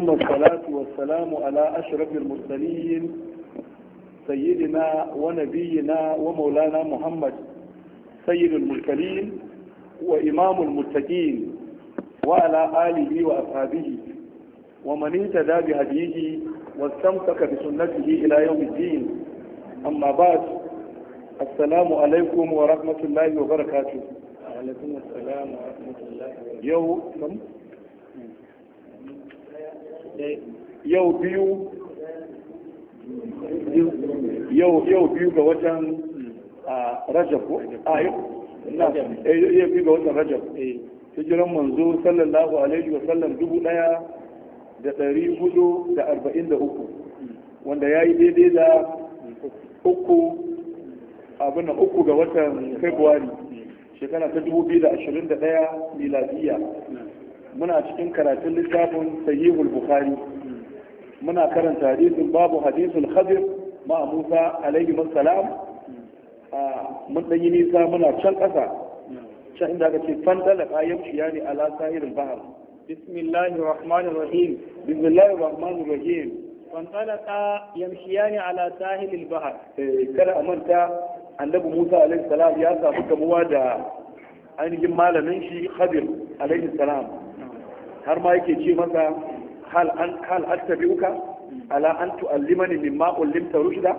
ثم الصلاة والسلام على أشرف المرسلين سيدنا ونبينا ومولانا محمد سيد المرسلين وإمام المتقين وعلى آله وأصحابه ومن اهتدى بهديه واستمسك بسنته إلى يوم الدين أما بعد السلام عليكم ورحمة الله وبركاته وعليكم السلام ورحمة الله وبركاته يوم yau biyu yau biyu ga watan rajab ko a yau biyu ga watan rajab hijiran manzo sallallahu alaihi wasallam dubu daya da dari hudu da arba'in da uku wanda ya yi daidai da uku abin da uku ga watan februari shekara ta dubu biyu da ashirin da daya miladiyya muna cikin karatun littafin sahihul bukhari muna karanta hadisin babu hadisul khadir ma musa alaihi salam mun dan yi nisa muna can ƙasa can inda aka ce fantala kayan shiya ne ala sahirin bahar bismillahir rahmanir rahim bismillahir rahmanir rahim fantalaka yamshiyani ala sahilil bahar eh, kada a manta annabi musa alaihi salam ya samu kamuwa da ainihin malamin shi khadir alaihi salam har ma yake ce masa hal an hal astabiuka ala an tu'allimani mimma ullimta rushda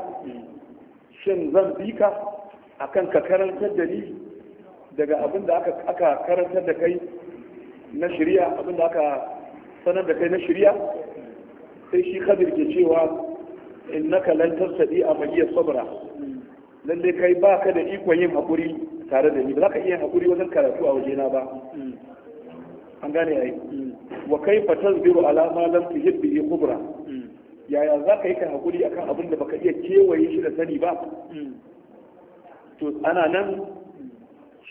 shin zan bika ka akan ka karantar da ni daga abin da aka aka karantar da kai na shari'a abin da aka sanar da kai na shari'a sai shi khadir ke cewa innaka lan tasdi a sabra lalle kai baka da ikon yin hakuri tare da ni ba za ka iya hakuri wajen karatu a wajena ba an gane yayi wa kai tanziru ala ma lam yadda bihi khubra mm. yaya za ka yi ka hakuri akan abin da baka iya kewaye shi da sani ba mm. to ana nan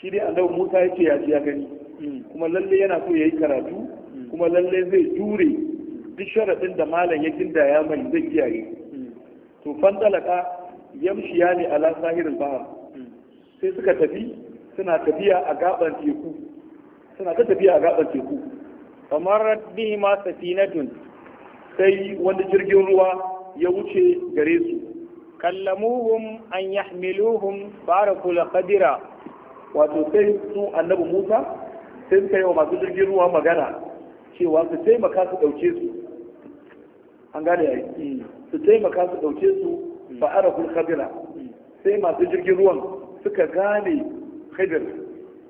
shi dai allah Musa yake ya ji ya gani mm. kuma lalle yana so ya yi karatu kuma lalle zai jure duk sharadin da malam ya da ya mai zai kiyaye to yamshi ya ne ala sahirin bahar sai suka tafi suna tafiya a gaban teku suna ta tafiya a gaban teku kamar bihi ma safinatun sai wani jirgin ruwa ya wuce gare su kallamuhum an yahmiluhum barakul qadira wato sai su annabi Musa sai suka yi wa masu jirgin ruwa magana cewa su taimaka su ɗauke su an gane ya su taimaka su ɗauke su ba qadira sai masu jirgin ruwan suka gane khadir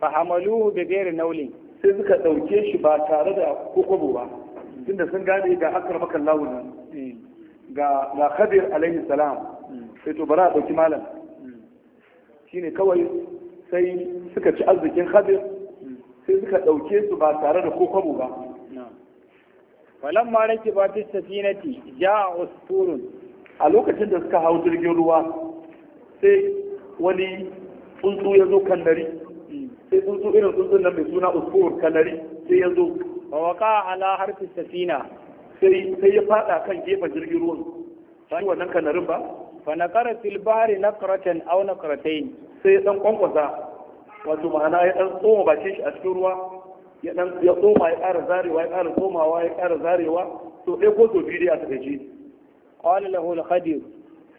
fa hamaluhu bi ghairi nawlin sai suka ɗauke shi ba tare da kokobo ba tunda sun gane ga akar makan lawunan ga ga khadir alaihi salam sai to bara a ɗauki malam shine kawai sai suka ci arzikin khadir sai suka ɗauke su ba tare da kokobo ba ma rake ba ta safinati ja usturun a lokacin da suka hau jirgin ruwa sai wani tsuntsu ya zo kan dare sai sun tsuntsu irin tsuntsun nan mai suna uskuwar kanari sai ya zo wa waka ala harfi safina sai sai ya fada kan gefen jirgin ruwan Ba sai wannan kanarin ba fa naqara na bahri naqratan aw naqratayn sai ya dan kwankwasa wato ma'ana ya dan tsoma bakin shi a cikin ruwa ya dan ya tsoma ya ƙara zarewa ya ƙara tsomawa ya ƙara zarewa to ɗaya ko to biyu dai a takaice qala lahu al-khadir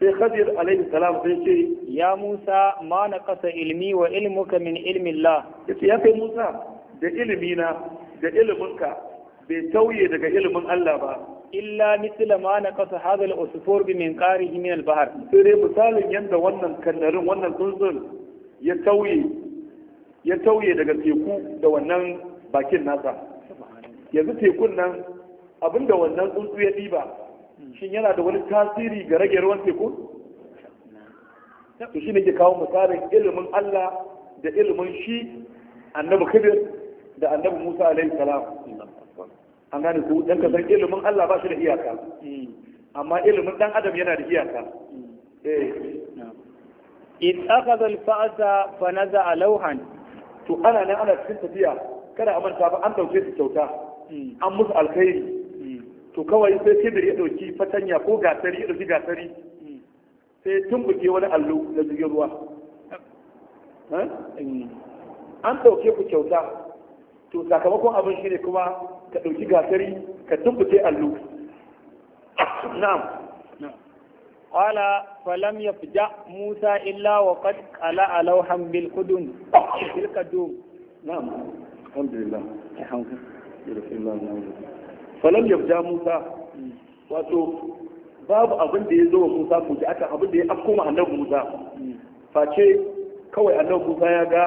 sai khadir alaihi salam sai ce ya musa ma na kasa ilmi wa ilmuka min ilmin la ya kai musa da ilimina da iliminka bai tauye daga ilimin allah ba illa misla ma na kasa hadha al-usfur bi min qarihi min al-bahr sai dai misalin yanda wannan kallarin wannan tsuntsun ya tauye ya tauye daga teku da wannan bakin nasa yanzu tekun nan abinda wannan tsuntsu ya diba shin yana da wani tasiri ga rage ruwan teku to shi ne ke kawo misalin ilimin Allah da ilimin shi annabi kabir da annabi musa alaihi salam an gane ku dan kasan ilimin Allah ba shi da iyaka amma ilimin dan adam yana da iyaka eh al أخذ fa فنزع لوحا to ana nan ana cikin tafiya kada a manta ba an dauke ta kyauta hmm. an musu alkhairi to kawai sai kibir ya ɗauki fatanya ko gasari ya ɗauki gasari sai tumbuke wani allo na jirgin ruwa an ɗauke ku kyauta to sakamakon abin shi ne kuma ka ɗauki gasari ka tumbuke allo na'am قال فلم يفجع موسى إلا وقد قلع لوحا بالقدم بالقدوم نعم الحمد لله الحمد لله falam yabda musa wato babu abin da ya zo wa musa ko ji akan abin da ya afko ma annabi musa face kawai annabi musa ya ga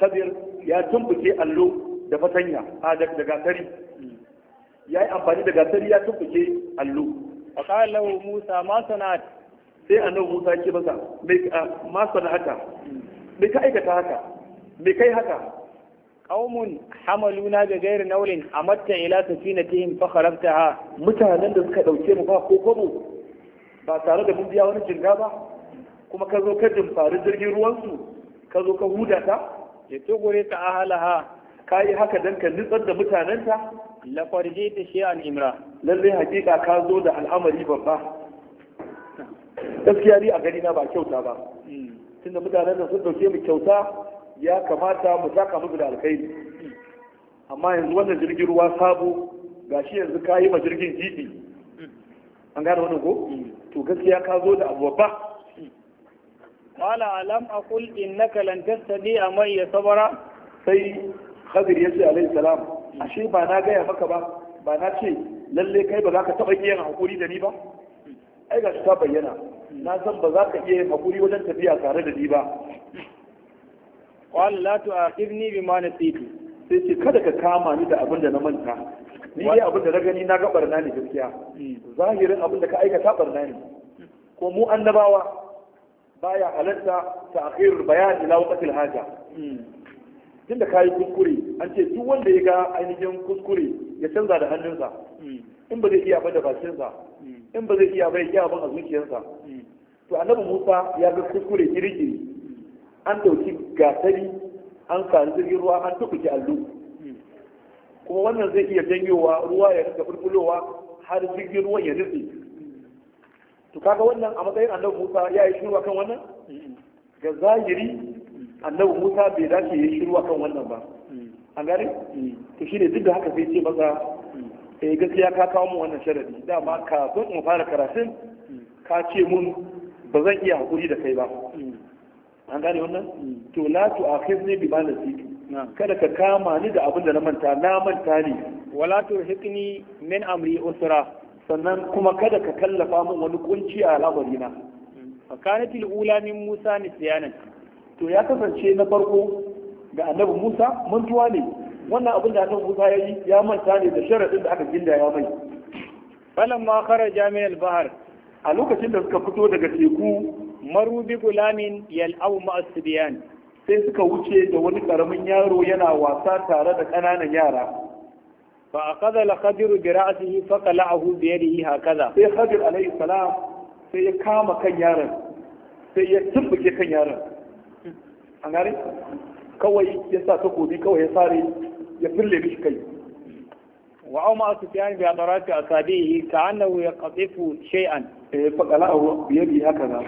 khadir ya tumbuke allo da fatanya a da gatari ya yi amfani da gatari ya tumbuke allo a kawo musa ma sana'at sai annabi musa ya ce masa ma sana'ata me ka aikata haka me kai haka qaumun hamaluna bi ghairi nawlin amatta ila safinatihim fa kharabtaha mutanen da suka dauke mu ba ko kobo ba tare da mun biya wani jinga ba kuma ka zo ka dimfari jirgin ruwansu ka zo ka huda ta ya gore ta ahalaha ka yi haka dan ka nutsar da mutanenta ta la ta shi an imra lalle hakika ka zo da al'amari babba gaskiya ni a gani na ba kyauta ba hmm. tunda mutanen da sun dauke mu kyauta ya kamata mu saka musu da alkhairi amma yanzu wannan jirgin ruwa sabo gashi yanzu ka yi ma jirgin jibi an gane wannan ko to gaskiya ka zo da abuwa ba qala alam aqul innaka lan tastadi amay ya sabara sai khadir yace alayhi salam ashe ba na gaya maka ba ba na ce lalle kai ba za ka taba yin hakuri da ni ba ai ga ta bayyana na san ba za ka iya yin hakuri wajen tafiya tare da ni ba wala la tu'akhidni bima nasitu sai ce kada ka kama ni da abin da na manta ni dai abin da na gani na ga barna ne gaskiya zahirin abin da ka aikata barna ne ko mu annabawa baya halatta ta'khirul bayan ila waqtil haja tun da kayi kuskure an ce duk wanda ya ga ainihin kuskure ya canza da hannunsa in ba zai iya ba da bakinsa in ba zai iya ba ya iya ban a zuciyarsa to annabi musa ya ga kuskure kirkiri an dauki gasari an sari jirgin ruwa an ki allo kuma wannan zai iya janyowa ruwa ya rika bulbulowa har jirgin ruwan ya nutse to kaga wannan a matsayin annabi Musa ya yi shiru akan wannan ga zahiri annabi Musa bai dace ya yi shiru akan wannan ba an gare to shine duk da haka sai ce maza. eh gaskiya ka kawo mu wannan sharadi dama kafin in fara karatun ka ce mun ba zan iya hakuri da kai ba an gane wannan to la tu akhizni bima nasitu kada ka kama ni da abin da na manta na manta ne wala tu hikni min amri usra sannan kuma kada ka kallafa min wani kunci a al'amari na fakanat al-ula min musa nisyanan to ya kasance na farko ga annabi musa mantuwa ne wannan abin da annabi musa yayi ya manta ne da sharadin da aka gindaya mai falamma kharaja min al-bahr a lokacin da suka fito daga teku maru bi gulamin yal'au ma'asibiyan sai suka wuce da wani karamin yaro yana wasa tare da kananan yara fa aqadha al-khadir bi ra'sihi fa qala'ahu bi yadihi hakaza sai khadir alayhi salam sai ya kama kan yaron sai ya tubuke kan yaron an gare kawai ya sa takobi kawai ya sare ya fille mishi kai wa bi وأومأ سفيان بأطراف أصابعه shay'an fa qala'ahu bi yadihi hakaza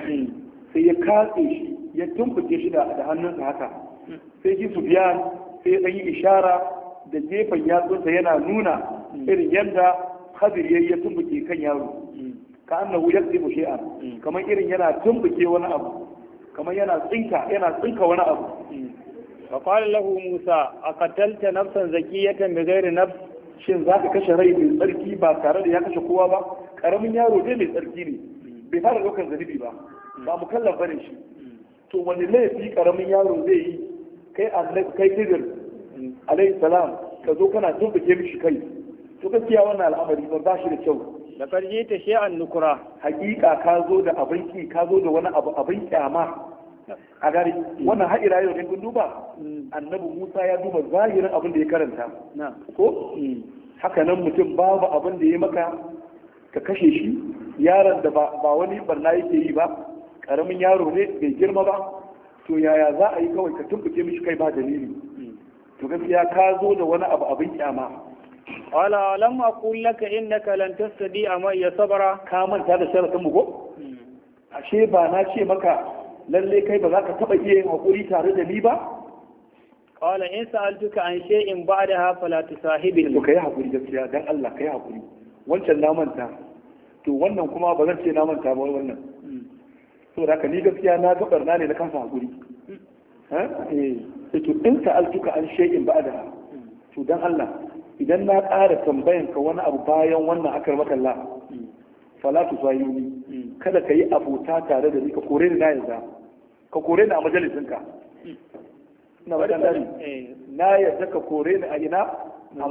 sai ya katse shi ya tumfuke shi da hannunsa haka sai su biya sai ya yi ishara da gefen yatsunsa yana nuna irin yadda khadir yayi ya tumfuke kan yaro ka annahu bushe shay'an kamar irin yana tumfuke wani abu kamar yana tsinka yana tsinka wani abu fa qala lahu musa aqatalta nafsan zakiyatan bighairi nafs shin za ka kashe rai mai tsarki ba tare da ya kashe kowa ba karamin yaro dai mai tsarki ne bai fara daukar zanibi ba ba mu kallon bane shi to wani laifi karamin yaro zai yi kai annabi kai kidir alayhi salam ka zo kana tumbuke mishi kai to gaskiya wannan al'amari ba ba shi da kyau da farje ta an nukura hakika ka zo da abin ki ka zo da wani abu abin kyama a gari wannan haɗi yau ne kun duba annabi Musa ya duba zahirin abin da ya karanta ko haka nan mutum babu abin da ya maka ka kashe shi yaron da ba wani barna yake yi ba karamin yaro ne bai girma ba to yaya za a yi kawai ka tumbuke mishi kai ba dalili to gaskiya ka zo da wani abu abin kyama wala lam aqul laka innaka lan tastadi amma ya sabara ka manta da sharatin mu ko hmm. ashe ba na ce maka lalle kai ba za ka taba iya yin hakuri tare da ni ba qala in sa'altuka an shay'in ba'daha fala tusahibi to kai hakuri gaskiya dan Allah kai hakuri wancan na manta to wannan kuma ba zan ce na manta ba wannan so da ka ni gaskiya na ga barna ne na kansa hakuri eh. eh to in ta an shay'in ba'da to dan Allah idan na ƙara tambayan ka wani abu bayan wannan akar makalla fala tu zayuni kada ka yi abota tare da ni ka kore ni na yarda ka kore ni a ka ina wajen dari eh. na yarda ka kore ni a ina a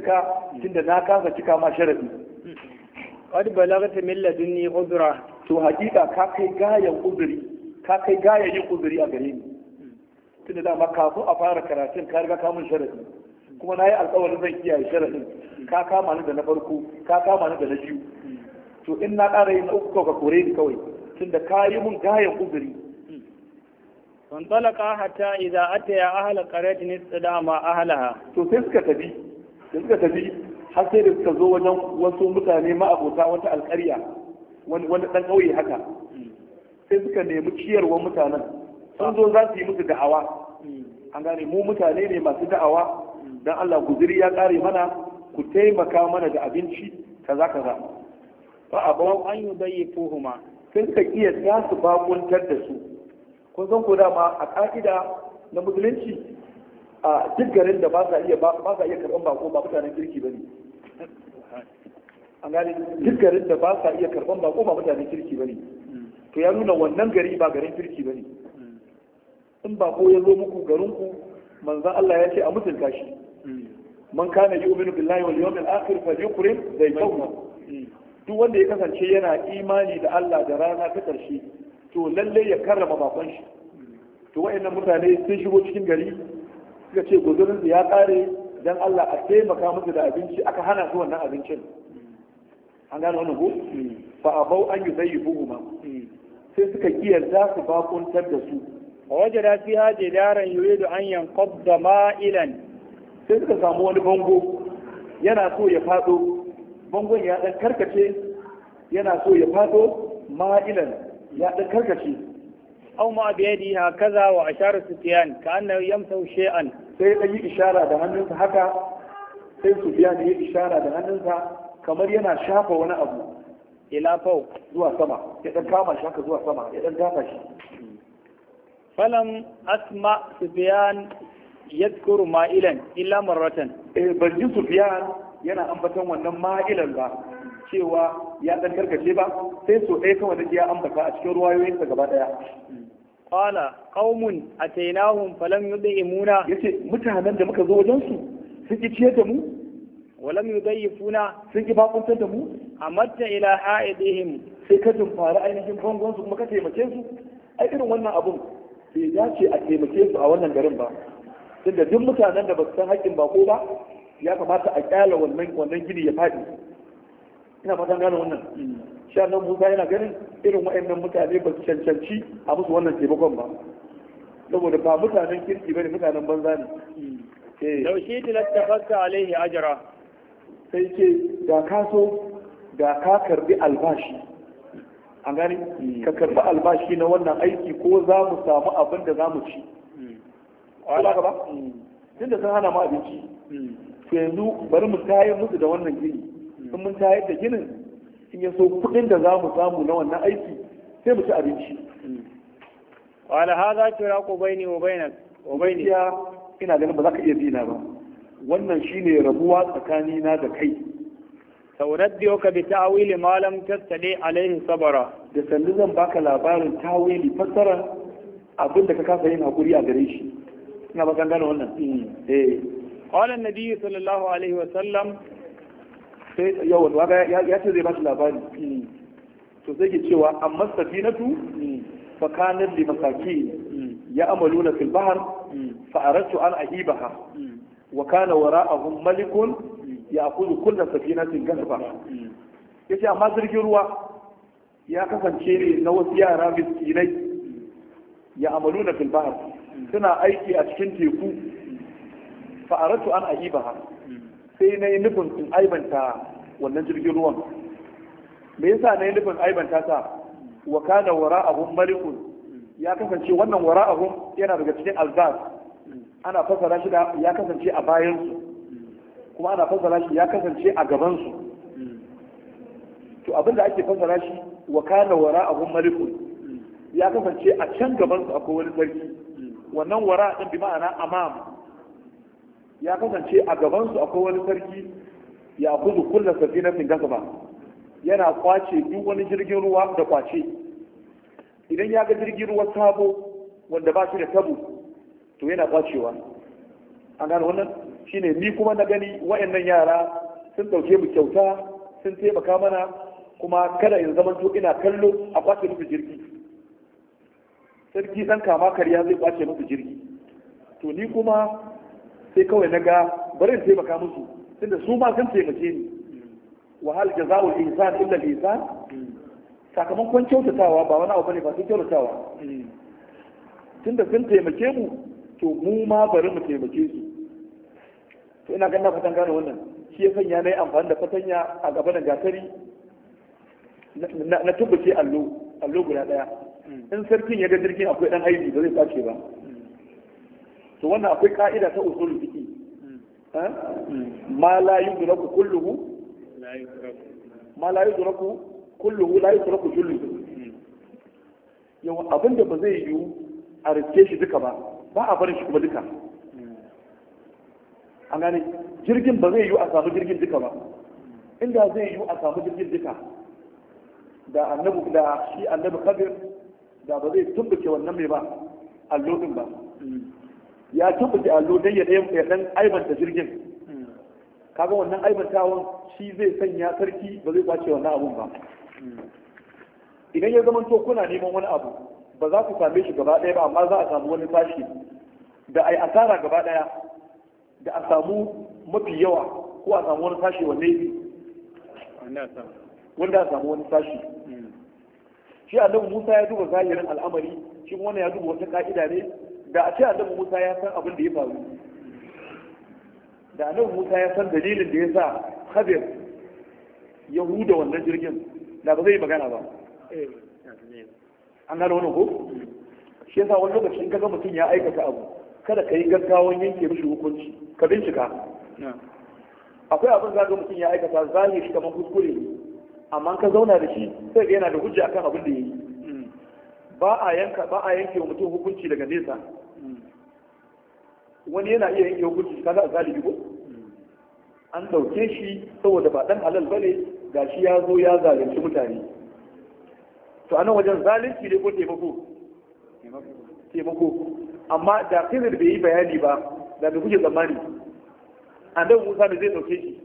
ka tunda na kasa cika ma sharadi mm. qad balagta min ladunni uzra to hakika ka kai gayan uzuri ka kai gayan yin uzuri a gare ni tunda dama kafin a fara karatun ka riga ka mun sharadi kuma na yi alkawarin zan kiyaye sharadin ka kama ni da na farko ka kama ni da na biyu to in na ƙara yin uku ka kore ni kawai tunda ka yi mun gayan uzuri فانطلقا حتى إذا أتيا أهل قرية استدعى ما أهلها. تو تسكت بي تسكت بي har sai da suka zo wajen wasu mutane ma'abota wata alƙarya wani ɗan ƙauye haka sai suka nemi ciyarwar mutanen sun zo za su yi musu da'awa an gane mu mutane ne masu da'awa dan Allah guziri ya ƙare mana ku taimaka mana da abinci kaza kaza fa abaw an yudayyifuhuma sai ka iya za su bakuntar da su kun san ko dama a ƙa'ida na musulunci a duk garin da ba sa iya karɓar bako ba mutanen kirki ba ne an gane duk garin da ba sa iya karban bako ba mutane kirki ba ne to ya nuna wannan gari ba garin kirki ba ne in bako ya zo muku garinku manzan Allah ya ce a mutunta shi man kana yu'minu billahi wal yawmil akhir falyukrim dayfahu duk wanda ya kasance yana imani da Allah da rana ta karshe to lalle ya karrama bakon shi to wayannan mutane sun shigo cikin gari suka ce guzurin ya kare dan Allah a taimaka musu da abinci aka hana su wannan abincin an gano wannan ko fa abau an yuzayyibuhuma sai suka kiyarta su bakuntar da su wajada fiha jidaran yuridu an yanqadda ma'ilan sai suka samu wani bango yana so ya fado bangon ya dan karkace yana so ya fado ma'ilan ya dan karkace au ma ha kaza wa asharu sutiyan ka annahu yamsahu shay'an sai ya yi ishara da hannunsa haka sai su biya yi ishara da hannunsa kamar yana shafa wani abu ila fau zuwa sama ya dan kama shi haka zuwa sama ya dan kama shi falam asma Sufiyan yadhkuru ma'ilan illa marratan eh ban ji Sufiyan yana ambaton wannan ma'ilan ba cewa ya dan karkace ba sai so ɗaya kawai da ya ambata a cikin ruwayoyinsa gaba daya a qala qaumun atainahum muna. Ya ce mutanen da muka zo wajensu sun ki ciyar da mu walam funa sun ki bakuntar da mu A matta ila ha'idihim sai ka fara ainihin bangonsu kuma ka taimake su ai irin wannan abun bai dace a taimake su a wannan garin ba tunda duk mutanen da ba su san haƙƙin bako ba ya kamata a kyala wannan gini ya faɗi ina fatan gane wannan shi annabi Musa yana ganin irin wa'annan mutane ba su cancanci a musu wannan taimakon ba saboda ba mutanen kirki bane mutanen banza ne Yaushe eh. ta lattafarta alaihi ajira sai ce da ka so da ka karbi albashi an gani hmm. ka karbi albashi na wannan aiki ko za mu samu abin da za mu ci hmm. ko ka ba hmm. tun da sun hana mu abinci to yanzu bari mu tayar musu da wannan gini sun mun tayar da ginin in ya so kuɗin da za mu samu na wannan aiki sai mu ci abinci wala hadha firaqu baini wa ne, wa baini ya ina ganin ba za ka iya dina ba wannan shine rabuwa tsakani na da kai ka bi ta'wili ma lam tastadi alaihi sabara da sandu zan baka labarin tawili fassara abin da ka kasa yin hakuri a gare shi ina ba gane wannan mm. eh qala an-nabi sallallahu alaihi wa sallam sai yawan waga ya ce zai ba shi labari to sai ke cewa amma safinatu fa kanar li masaki ya amaluna fil bahr fa aradtu an ahibaha wa kana wara'ahum malikun ya akuzu kullu safinatin Ya yace amma jirgin ruwa ya kasance ne na wasu yara miskinai ya amaluna na filbahar suna aiki a cikin teku fa aradtu an ahibaha sai na yi nufin in aibanta wannan jirgin ruwan me yasa na yi nufin aibanta ta wa kana abun malikun ya kasance wannan wara abun yana daga cikin alzaz ana fassara shi da ya kasance a bayansu kuma ana fassara shi ya kasance a gabansu to abin da ake fassara shi wa kana abun malikun ya kasance a can gabansu akwai wani sarki wannan wara din bi ma'ana amam ya kasance a gabansu akwai wani sarki ya kuzu kulla gasa ba yana kwace duk wani jirgin ruwa da kwace idan ya ga jirgin ruwa sabo wanda ba shi da tabu to yana kwacewa A gano wannan shine ni kuma na gani wayannan yara sun dauke mu kyauta sun taimaka mana kuma kada in zama to ina kallo a kwace musu jirgi sarki dan kama karya zai kwace musu jirgi to ni kuma sai kawai na ga bari in taimaka musu tunda su ma sun taimake ni wa hal jaza'ul ihsan illa al-ihsan sakamakon kyautatawa ba wani abu bane ba sun kyautatawa tunda sun taimake mu to mu ma bari mu taimake su to ina ganin fatan gane wannan shi ya sanya na yi amfani da fatanya a gaba da gatari na tubuce allo allo guda daya in sarkin ya ga jirgin akwai dan aibi ba zai sace ba to wannan akwai ka'ida ta usul fiqi ma la yudraku kulluhu ma la yudraku kulluhu la yudraku kulluhu yau abinda ba zai yiwu a rike shi duka ba ba a barin shi kuma duka an gane jirgin ba zai yiwu a samu jirgin duka ba inda zai yiwu a samu jirgin duka da annabu da shi annabi kabir da ba zai tumbuke wannan mai ba allodin ba hmm. ya tumbuke allo don ya ɗan aibanta jirgin kaga wannan aibantawan shi zai sanya sarki ba zai kwace wannan abun ba idan ya zama to kuna neman wani abu ba za ku same shi gaba ɗaya ba amma za a samu wani sashi da ai asara gaba ɗaya da a samu mafi yawa ko a samu wani sashi wanne wanda a samu wani sashi hmm. shi annabi Musa ya duba zahirin al'amari shi wannan ya duba wata ka'ida ne da a ce a annabi Musa ya san abin da ya faru da annabi Musa ya san dalilin da ya sa haɗin ya huda wannan jirgin da ba zai yi magana ba an gano wani ko shi yasa wani lokacin kaga mutum ya aikata abu kada ka yi gaggawan yanke mishi hukunci ka bincika akwai abin zaga mutum ya aikata zahiri kamar kuskure amma ka zauna da shi sai yana da hujja akan abin da ya yi ba a yanka ba a yanke mutum hukunci daga nesa wani yana iya yanke hukunci za a zalibi ko an ɗauke shi saboda ba ɗan halal bane gashi ya zo ya zalunci mutane to anan wajen zalunci ne ko taimako taimako amma da khidir bai yi bayani ba da me kuke tsammani annabi Musa ne zai ɗauke shi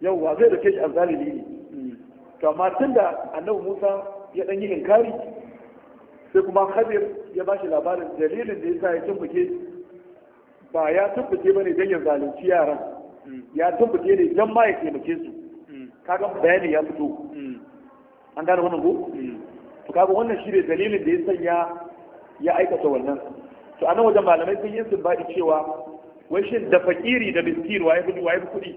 yauwa zai ɗauke shi zalimi ne to amma tunda annabi Musa ya ɗan yi inkari sai kuma Khadir ya ba shi labarin dalilin da ya sa ya tumbuke ba ya tumbuke bane dan ya zalunci yaran ya tumbuke ne dan ma ya taimake su kaga bayani ya fito an gane wannan ko to kaga wannan shi ne dalilin da ya sanya ya aikata wannan to anan wajen malamai sun yi sun bada cewa wai shin da fakiri da miskin waye kudi waye kudi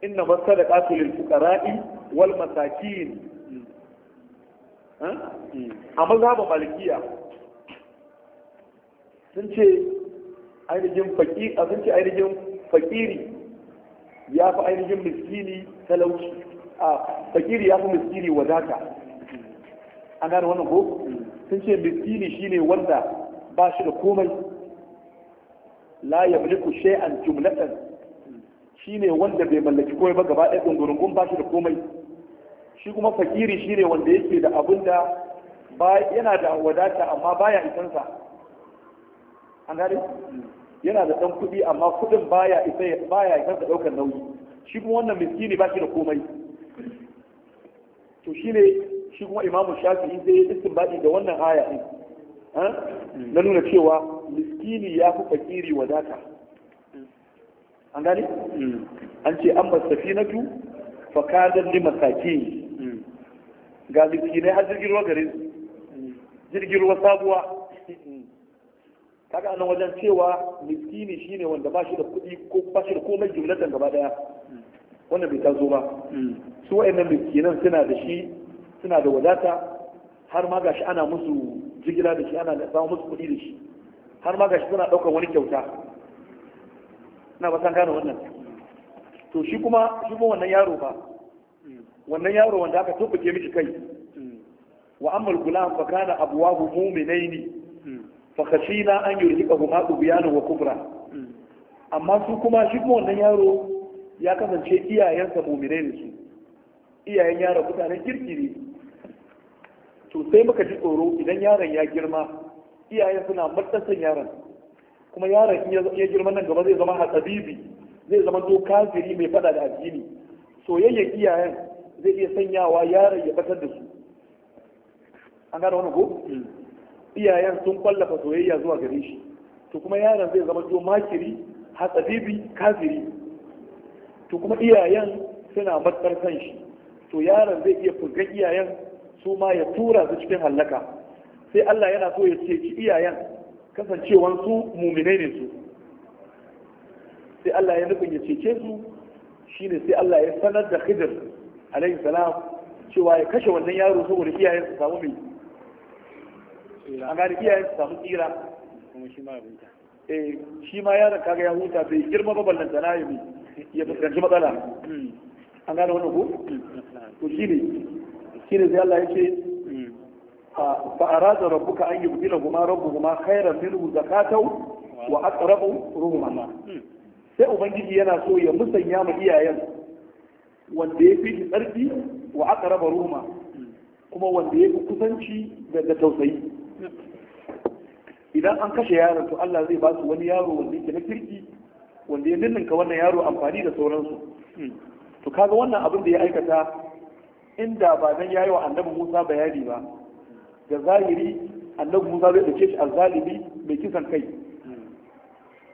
inna masadaqatu lil fuqara'i wal masakin a mazhabin malikiya sun ce ainihin fakiri sun ce ainihin fakiri ya fi ainihin miskini talauci a fakiri ya fi miskini wadata an gane wannan ko sun ce miskini shine wanda ba shi da komai la yamliku shay'an jumlatan shine wanda bai mallaki komai ba gaba ɗaya dungurungun ba shi da komai shi kuma fakiri shine wanda yake da abin da yana da wadata amma baya isansa an gane yana da dan kuɗi amma kuɗin baya isa baya isa da ɗaukar nauyi shi kuma wannan miskini ba shi da komai to shine shi kuma imamu shafi'i zai yi istinbadi da wannan aya din na nuna cewa miskini ya fi fakiri wadata an gane an ce an masafinatu fakadar li masaki. ga miskinai har jirgin ruwa garin, jirgin ruwa sabuwa kaga nan wajen cewa miskini shine wanda ba shi da kuɗi ko ba shi da komai jimlatan gaba daya wannan bai tazo ba hmm. su wa'annan miskinan suna da shi suna da wadata har ma gashi ana musu jigila da shi ana ba musu kuɗi da shi har ma gashi suna ɗaukar wani kyauta ina ba san gane wannan to shi kuma shi kuma wannan yaro ba hmm. wannan yaro wanda aka tumbuke miki kai hmm. wa amal gulam fa kana abwahu mu'minaini fakashina an yurjika huma dubiyanin wa kubra amma su kuma shi kuma wannan yaro ya kasance iyayensa mumire ne su iyayen yaro mutanen kirki ne to sai muka ji tsoro idan yaron ya girma iyayen suna matasan yaron kuma yaron in ya girma nan gaba zai zama hasabibi zai zama to kafiri mai fada da addini soyayyar iyayen zai iya sanyawa yaron ya batar da su an gane wani ko iyayen sun kwallafa soyayya zuwa gare shi to kuma yaron zai zama jo makiri hatsabibi kafiri to kuma iyayen suna matsar kan shi to yaron zai iya furga iyayen su ma ya tura su cikin hallaka sai Allah yana so ya ceci iyayen kasancewan su muminai ne su sai Allah ya nufin ya cece su shine sai Allah ya sanar da Khidir alaihi salam cewa ya kashe wannan yaro saboda iyayen su samu mai an gane iyayen su samu tsira kuma shi ma abinta eh shi ma yaron kaga ya huta bai girma ba ballan da nayi ya fuskanci matsala hmm. an gane wannan ko hmm. to shine shine sai Allah ya yake hmm. fa arada rabbuka an yubdila huma rabbuhuma khairan minhu zakatan wa aqrabu ruhuma sai ubangiji yana so ya musanya ma iyayen wanda ya fi tsarki wa aqrabu ruhuma kuma wanda ya fi kusanci da tausayi idan an kashe yaron to Allah zai ba su wani yaro wanda yake na kirki wanda ya ninninka wannan yaro amfani da sauransu to kaga wannan abin da ya aikata inda ba dan yayi wa annabi Musa bayani ba ga zahiri annabi Musa zai dace shi azzalimi mai kisan kai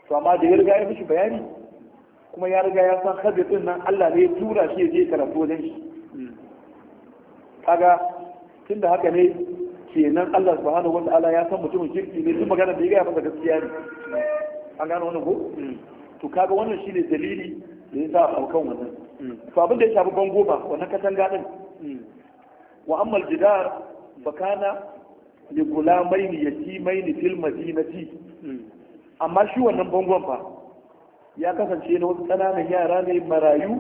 to amma da ya riga ya mishi bayani kuma ya riga ya san hadir din nan Allah ne ya tura shi ya je karatu wajen shi kaga tunda haka ne kenan Allah subhanahu wata'ala ya san mutumin kirki ne duk magana da ya gaya masa gaskiya ne an gano wannan ko mm. to kaga wannan shine dalili da ya sa aukan wannan mm. to abin da ya shafi bango ba wannan katanga din mm. wa amma aljidar fakana li gulamaini yatimaini fil madinati amma shi wannan bangon fa ya kasance na wasu ƙananan yara ne marayu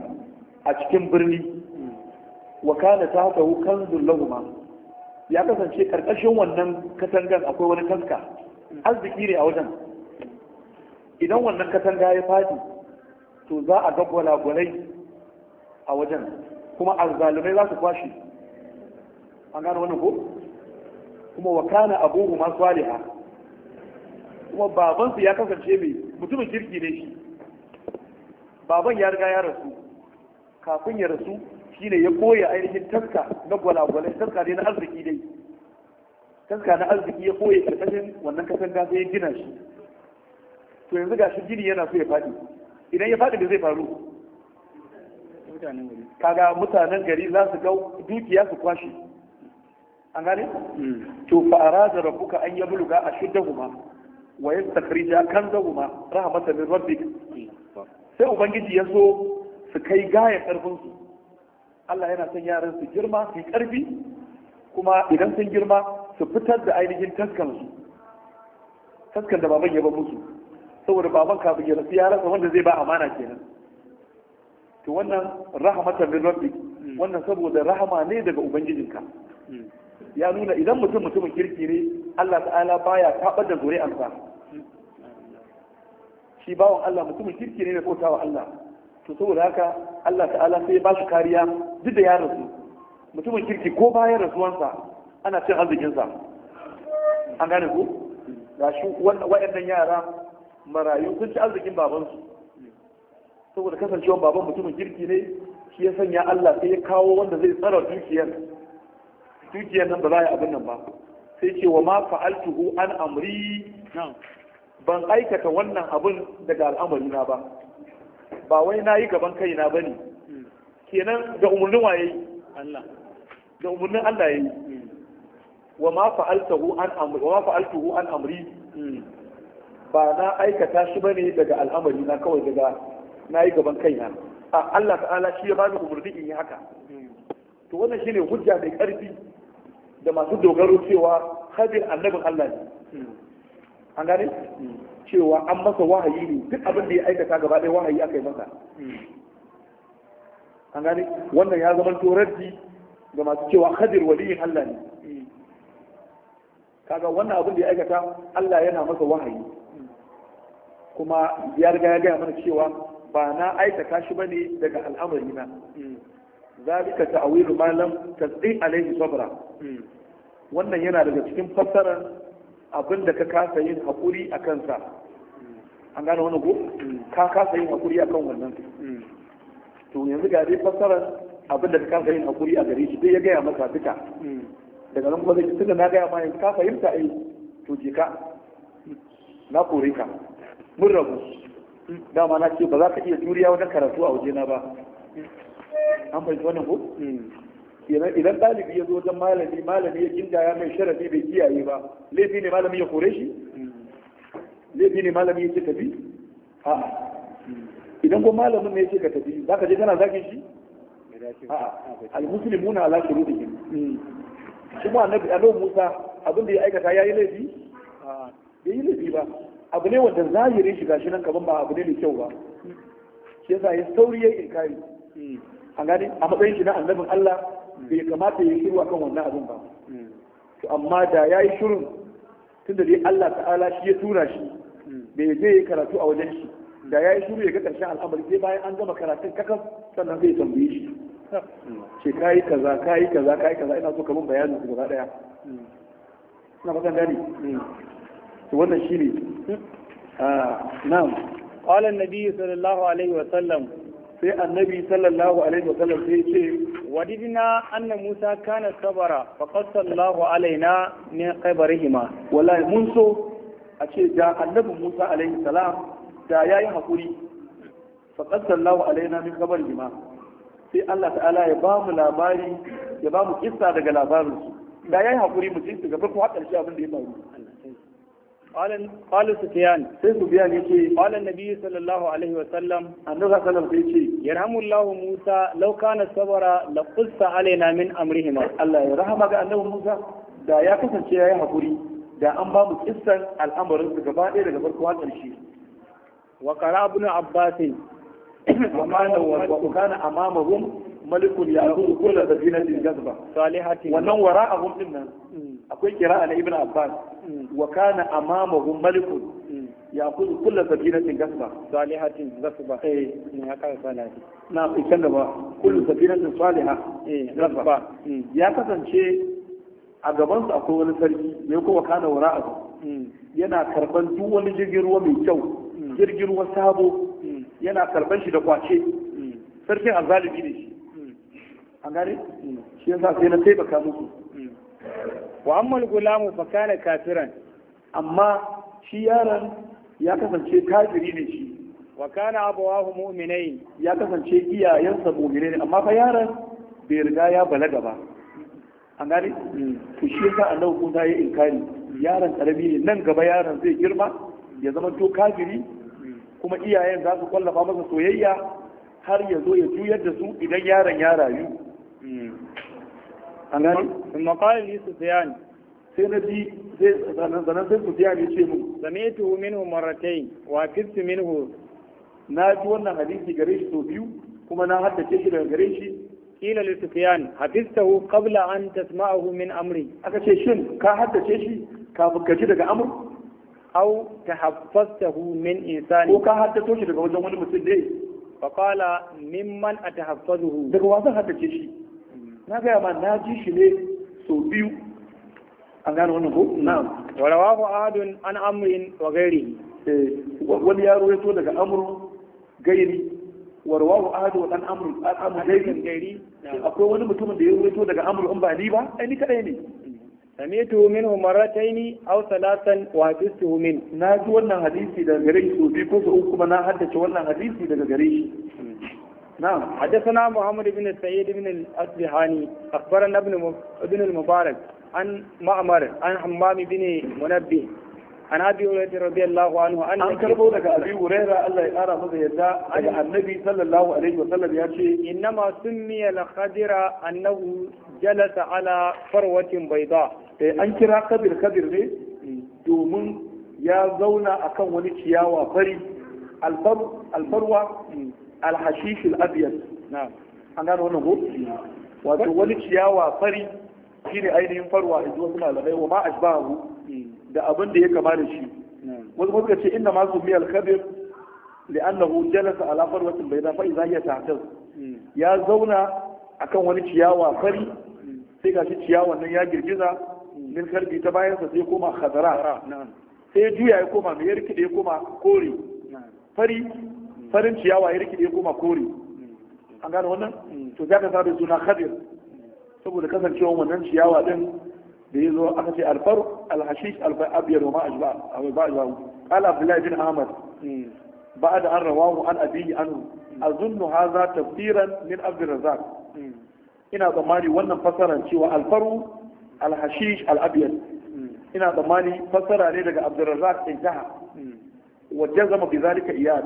a cikin birni wa kana ta haka kanzun lahuma ya kasance karkashin wannan katangan akwai wani kaska arziki ne a wajen idan wannan katanga ya fadi to za a ga gwalagwalai a wajen kuma arzalumai za su kwashe an gano wannan ko kuma wa kana abuhu ma saliha kuma babansu ya kasance mai mutumin kirki ne shi baban ya riga ya rasu kafin ya rasu shine ya koya ainihin taska na gwalagwalai taska ne na arziki dai taska na arziki ya koya karkashin wannan katanga sai ya gina shi to yanzu ga shi gini yana so ya faɗi idan ya faɗi da zai faru kaga mutanen gari za su ga dukiya su kwashe an gane to fa arada rabbuka an yabluga ashuddahuma wa yastakhrija kanzahuma rahmatan min rabbik sai ubangiji ya so su kai gaya karfin su Allah yana son yaran su girma su yi ƙarfi kuma idan sun girma su fitar da ainihin taskansu taskan da baban ya ba musu saboda baban kafin ya rasu ya rasa wanda zai ba amana kenan to wannan rahmatan min rabbi hmm. wannan saboda rahama ne daga ubangijinka hmm. ya nuna idan mutum mutumin kirki ne Allah ta'ala baya tabar da zuri'ansa shi bawan Allah mutumin kirki ne mai kotawa Allah to saboda haka Allah ta'ala sai ba shi kariya duk da ya rasu mutumin kirki ko bayan rasuwansa ana cin arzikinsa an gane ku ga shi waɗannan yara marayu sun ci arzikin babansu saboda kasancewar baban mutumin kirki ne shi ya sanya Allah sai ya kawo wanda zai tsara dukiyar dukiyar nan ba za a yi abin nan ba sai ce wa ma fa'altuhu an amri ban aikata wannan abin daga al'amari na ba ba wai na yi gaban kaina ba ne kenan da umarnin waye Allah da umarnin Allah yayi hmm. wa ma fa'altahu an amri wa ma fa'altuhu an amri hmm. ba na aikata shi bane daga al'amari na kawai daga na yi gaban kaina a Allah ta'ala shi ya bani umarni in yi haka hmm. to wannan shine hujja mai karfi da masu dogaro cewa hadin annabin Allah ne an gane cewa an masa wahayi ne duk abin da ya aikata gaba ɗaya wahayi aka yi masa an gane wannan ya zama turarci ga masu cewa Hadir wali Allah ne kaga wannan abin da ya aikata Allah yana masa wahayi kuma ya riga ya gaya mana cewa ba na aikata shi bane daga al'amari na zalika ta'wil ma lam tasdi alaihi sabra wannan yana daga cikin fassarar abin da ka kasa yin hakuri a kansa an gane wannan ko ka kasa yin hakuri akan wannan to yanzu ga dai fassarar abin da ka fahimta yin hakuri a gare shi dai ya gaya masa duka daga nan kuma zai tunda na gaya ma yanzu ka fahimta ai eh, to je ka na kore ka mun rabu dama na ce ba za ka iya juriya wajen karatu a wajena ba an fahimta wannan ko idan ɗalibi ya zo wajen malami malami ya kinda ya mai sharafi bai kiyaye ba laifi ne malami ya kore shi laifi ne malami ya ce tafi a idan ko malamin ne ce ka tafi za ka je kana zagin shi al-muslimuna ala shurudihim kuma annabi annabi Musa abin da ya aikata ya yi laifi bai yi laifi ba abu ne wanda zahirin shi gashi nan kaman ba abu ne mai kyau ba shi yasa ya sauri ya inkari an gani a matsayin shi na annabin Allah bai kamata ya shiru akan wannan abin ba to amma da ya shirin shirun tunda dai Allah ta'ala shi ya tura shi bai je karatu a wajen shi da ya yi shuru ya ga ƙarshen al'amari sai bayan an gama karatun kakan sannan zai tambaye shi ce ka yi kaza ka yi kaza ka yi kaza ina so ka mun bayanin su gaba ɗaya ina fatan gani to wannan shi ne ah, na'am qala an-nabi sallallahu alaihi wa sallam sai annabi sallallahu alaihi wa sallam sai ce wadidina anna musa kana sabara fa ne kai min qabrihima wallahi mun so a ce da annabi musa alaihi salam da ya yi haƙuri faƙar sallahu alaina min gabar jima sai Allah ta'ala ya ba mu labari ya ba mu kissa daga labarinsu da ya yi haƙuri mutum su gaba kuma ƙarshe abin da ya faru قال سفيان سي سفيان يكي قال النبي صلى الله عليه وسلم النبي صلى الله عليه وسلم يرحم الله موسى لو كان صبر لقص علينا Allah Ya rahama ga النبي Musa. da ya kasance ya yi haƙuri da an ba mu kissan al'amarin su gaba ɗaya daga farko har ƙarshe wa qara ibn abbas amana wa kana amamahum malikun ya'khudhu kullu safinatin jazba salihatin wannan wara'ahum din nan hmm. akwai qira'a na ibn abbas hmm. wa malikun hmm. ya'khudhu kullu safinatin jazba salihatin jazba eh na ikan ba kullu safinatin salihah eh jazba ya kasance a gaban akwai wani sarki mai kuma kana yana karban duk wani jirgin ruwa mai kyau jirgin ruwan sabo yana karban shi da kwace sarkin azalibi ne shi an gane shi yasa sai na taimaka musu wa ammal gulamu fa kana kafiran amma shi yaron ya kasance kafiri ne shi wa kana abawahu mu'minai ya kasance iyayensa mu'minai ne amma fa yaron bai riga ya balaga ba an gane to shi yasa annabi ta yi inkari yaron karami ne nan gaba yaron zai girma ya zama to kafiri kuma iyayen za su kwallafa masa soyayya har ya zo ya juyar da su idan yaron ya rayu an gani sun makalin ni sufiyan sai na bi zanen sai sufiyan ya ce mu sami'tu minhu maratai. wa kiftu minhu na ji wannan hadisi gare shi sau biyu kuma na haddace shi daga gare shi kila li sufyan hafiztahu qabla an tasma'ahu min amri aka ce shin ka haddace shi kafin ka ji daga Amur? au tahaffastahu min insani ko ka haddato shi daga wajen wani mutum dai fa qala mimman atahaffazuhu daga wasan haddace shi hmm. na ga ma na ji ne so biyu an gano wannan ko na'am wa rawahu ahadun an amrin wa ghairihi eh, wani yaro ya to daga amru gairi wa rawahu ahadu wa an gairi akwai wani mutumin da ya to daga amru in ba ni ba ai ni kadai ne sami'tu minhu marrataini aw salatan wa hadistuhu min na ji wannan hadisi daga gare shi so biyu ko so uku kuma na haddace wannan hadisi daga gare shi نعم حدثنا محمد بن سعيد بن الأصبهاني أخبرنا ابن ابن المبارك عن معمر عن حمام بن منبه عن أبي هريرة رضي الله عنه أن عن كربونك أبي هريرة الله يقرأ هذا يدعى أن النبي صلى الله عليه وسلم يأتي إنما سمي الخدر أنه جلس على فروة بيضاء Eh, an kira kabir kabir ne mm. domin ya zauna a kan wani ciyawa fari alfarwa mm. alhashishin al an gano wannan ko mm. wato wani ciyawa fari shine ainihin farwa in ji wasu malamai wa ma ashbahu da abin da ya kama da shi wasu suka ce inna ma zumi al-kabir li'annahu jalasa ala farwatin bayda fa idza hiya tahtaz ya zauna akan wani ciyawa fari sai gashi ciyawan nan ya girgiza min kalbi ta bayan sa sai koma khadara sai juya ya koma mai rikide ya koma kore fari hmm. farin ciyawa ya rikide ya koma kore hmm. an gane wannan hmm. to za ka sa da suna khadir saboda kasancewa wannan ciyawa din da ya zo aka ce alfar alhashish alfa'abiyar wa ma'ajba a wai ba'ajba qala abdullahi bin ahmad بعد أن رواه عن أبيه عنه أظن هذا تفسيرا min عبد الرزاق ina tsammani wannan fasaran cewa alfaru alhashish al'abiyar ina tsammani fassara ne daga abdurrazak ɗin jaha wajen zama bi zalika iyad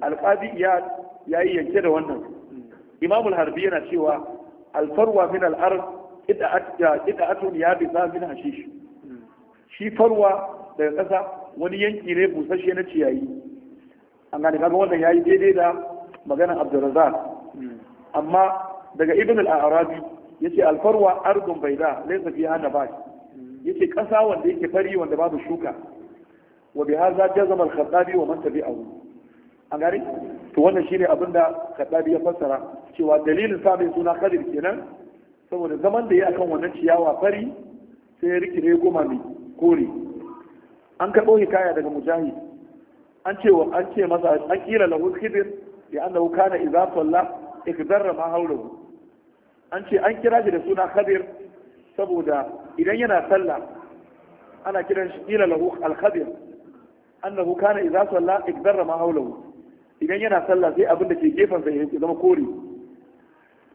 alƙadi iyad ya yi yanke da wannan imamul harbi yana cewa alfarwa min al'ar ƙida'atun ya bi min hashish shi farwa daga ƙasa wani yanki ne busasshe na ciyayi an gane kaga wannan ya yi daidai da maganar abdurrazak amma daga ibn al-arabi yace alfarwa ardun baida laysa fiha nabat yace kasa wanda yake fari wanda babu shuka wa bi hadha jazama al-khattabi wa man tabi'ahu an gari to wannan shine abin da khattabi ya fassara cewa dalilin sa mai suna khadir kenan saboda zaman da ya kan wannan ciyawa fari sai ya rikire goma mai kore an karɓo hikaya daga mujahid an ce an ce masa an kila lahu khidir ya annahu kana idza salla ikdarra ma hawlahu an ce an kira shi da suna khadir saboda idan yana sallah ana kiran shi ila lahu al-khadir annahu kana idza salla ikdarra ma hawlahu idan yana sallah sai abin da ke gefen sa ya zama kore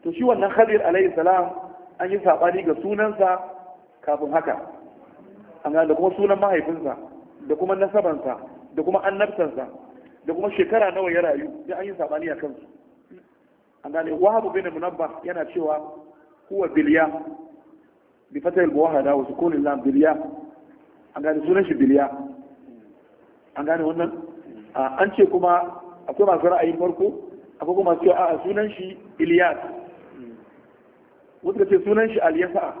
to shi wannan khadir alayhi salam an yi sabani ga sunansa kafin haka an da kuma sunan mahaifinsa da kuma nasabansa da kuma annabtansa da kuma shekara nawa ya rayu sai an yi sabani a kansu an gane wahabu bin Munabba yana cewa huwa biliya, bi fatal muwahada wa sukun lam biliya. an gane sunan shi bilya an gane wannan an ce kuma akwai masu ra'ayin farko akwai kuma masu a sunan shi iliyas wasu ka ce sunan shi aliyasa